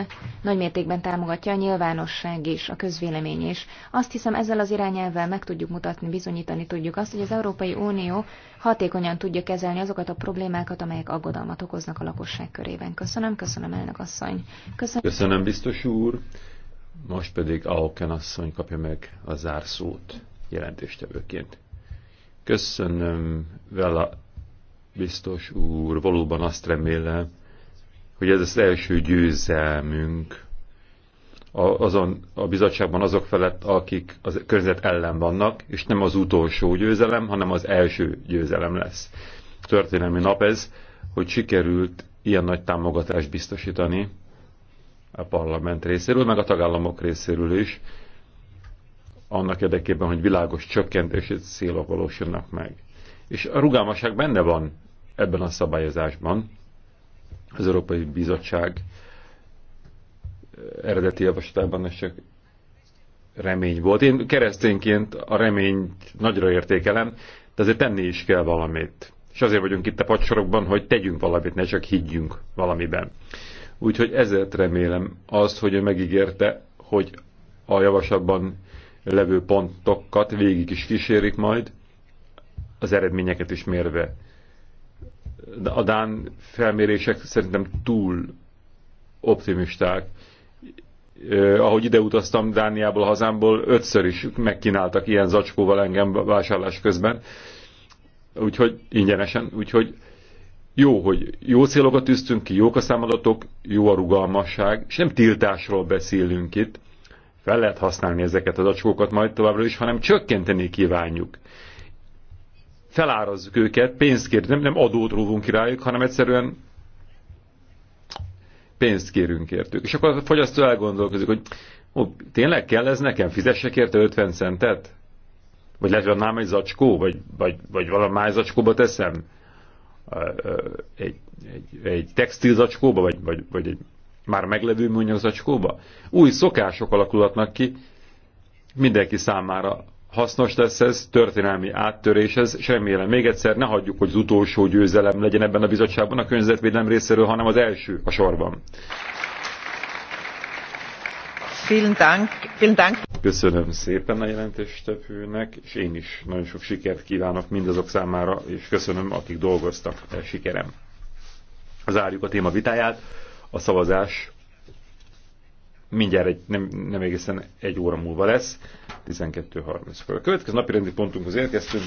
nagymértékben támogatja a nyilvánosság és a közvélemény is. Azt hiszem ezzel az irányelvvel meg tudjuk mutatni, bizonyítani tudjuk azt, hogy az Európai Unió hatékonyan tudja kezelni azokat a problémákat, amelyek aggodalmat okoznak a lakosság körében. Köszönöm, köszönöm elnök asszony. Köszönöm, köszönöm biztos úr. Most pedig Auken asszony kapja meg a zárszót jelentéstevőként. Köszönöm vele, biztos úr, valóban azt remélem, hogy ez az első győzelmünk a, azon, a bizottságban azok felett, akik a környezet ellen vannak, és nem az utolsó győzelem, hanem az első győzelem lesz. Történelmi nap ez, hogy sikerült ilyen nagy támogatást biztosítani a parlament részéről, meg a tagállamok részéről is, annak érdekében, hogy világos csökkentési célok valósulnak meg. És a rugalmaság benne van ebben a szabályozásban. Az Európai Bizottság eh, eredeti javaslatában ez csak remény volt. Én keresztényként a reményt nagyra értékelem, de azért tenni is kell valamit. És azért vagyunk itt a pacsorokban, hogy tegyünk valamit, ne csak higgyünk valamiben. Úgyhogy ezért remélem azt, hogy ő megígérte, hogy a javaslatban levő pontokat végig is kísérik majd, az eredményeket is mérve. A Dán felmérések szerintem túl optimisták. Ahogy ide utaztam Dániából, hazámból, ötször is megkínáltak ilyen zacskóval engem vásárlás közben, úgyhogy ingyenesen, úgyhogy jó, hogy jó célokat tűztünk ki, jók a számadatok, jó a rugalmasság, és nem tiltásról beszélünk itt, fel lehet használni ezeket az acskókat majd továbbra is, hanem csökkenteni kívánjuk. Felárazzuk őket, pénzt kérünk, nem, nem adót róvunk rájuk, hanem egyszerűen pénzt kérünk értük. És akkor a fogyasztó elgondolkozik, hogy ó, tényleg kell ez nekem? Fizessek érte 50 centet? Vagy lehet, hogy annál egy zacskó? Vagy, vagy, vagy valami más zacskóba teszem? Egy, egy, egy textil zacskóba? Vagy, vagy, vagy egy már meglevő műanyagzacskóba. Új szokások alakulhatnak ki, mindenki számára hasznos lesz ez, történelmi áttörés ez, és remélem még egyszer ne hagyjuk, hogy az utolsó győzelem legyen ebben a bizottságban a környezetvédelem részéről, hanem az első a sorban. Köszönöm szépen a jelentéstevőnek, és én is nagyon sok sikert kívánok mindazok számára, és köszönöm, akik dolgoztak e sikerem. Zárjuk a téma vitáját a szavazás mindjárt egy, nem, nem egészen egy óra múlva lesz, 12.30-kor. A következő napi rendi pontunkhoz érkeztünk,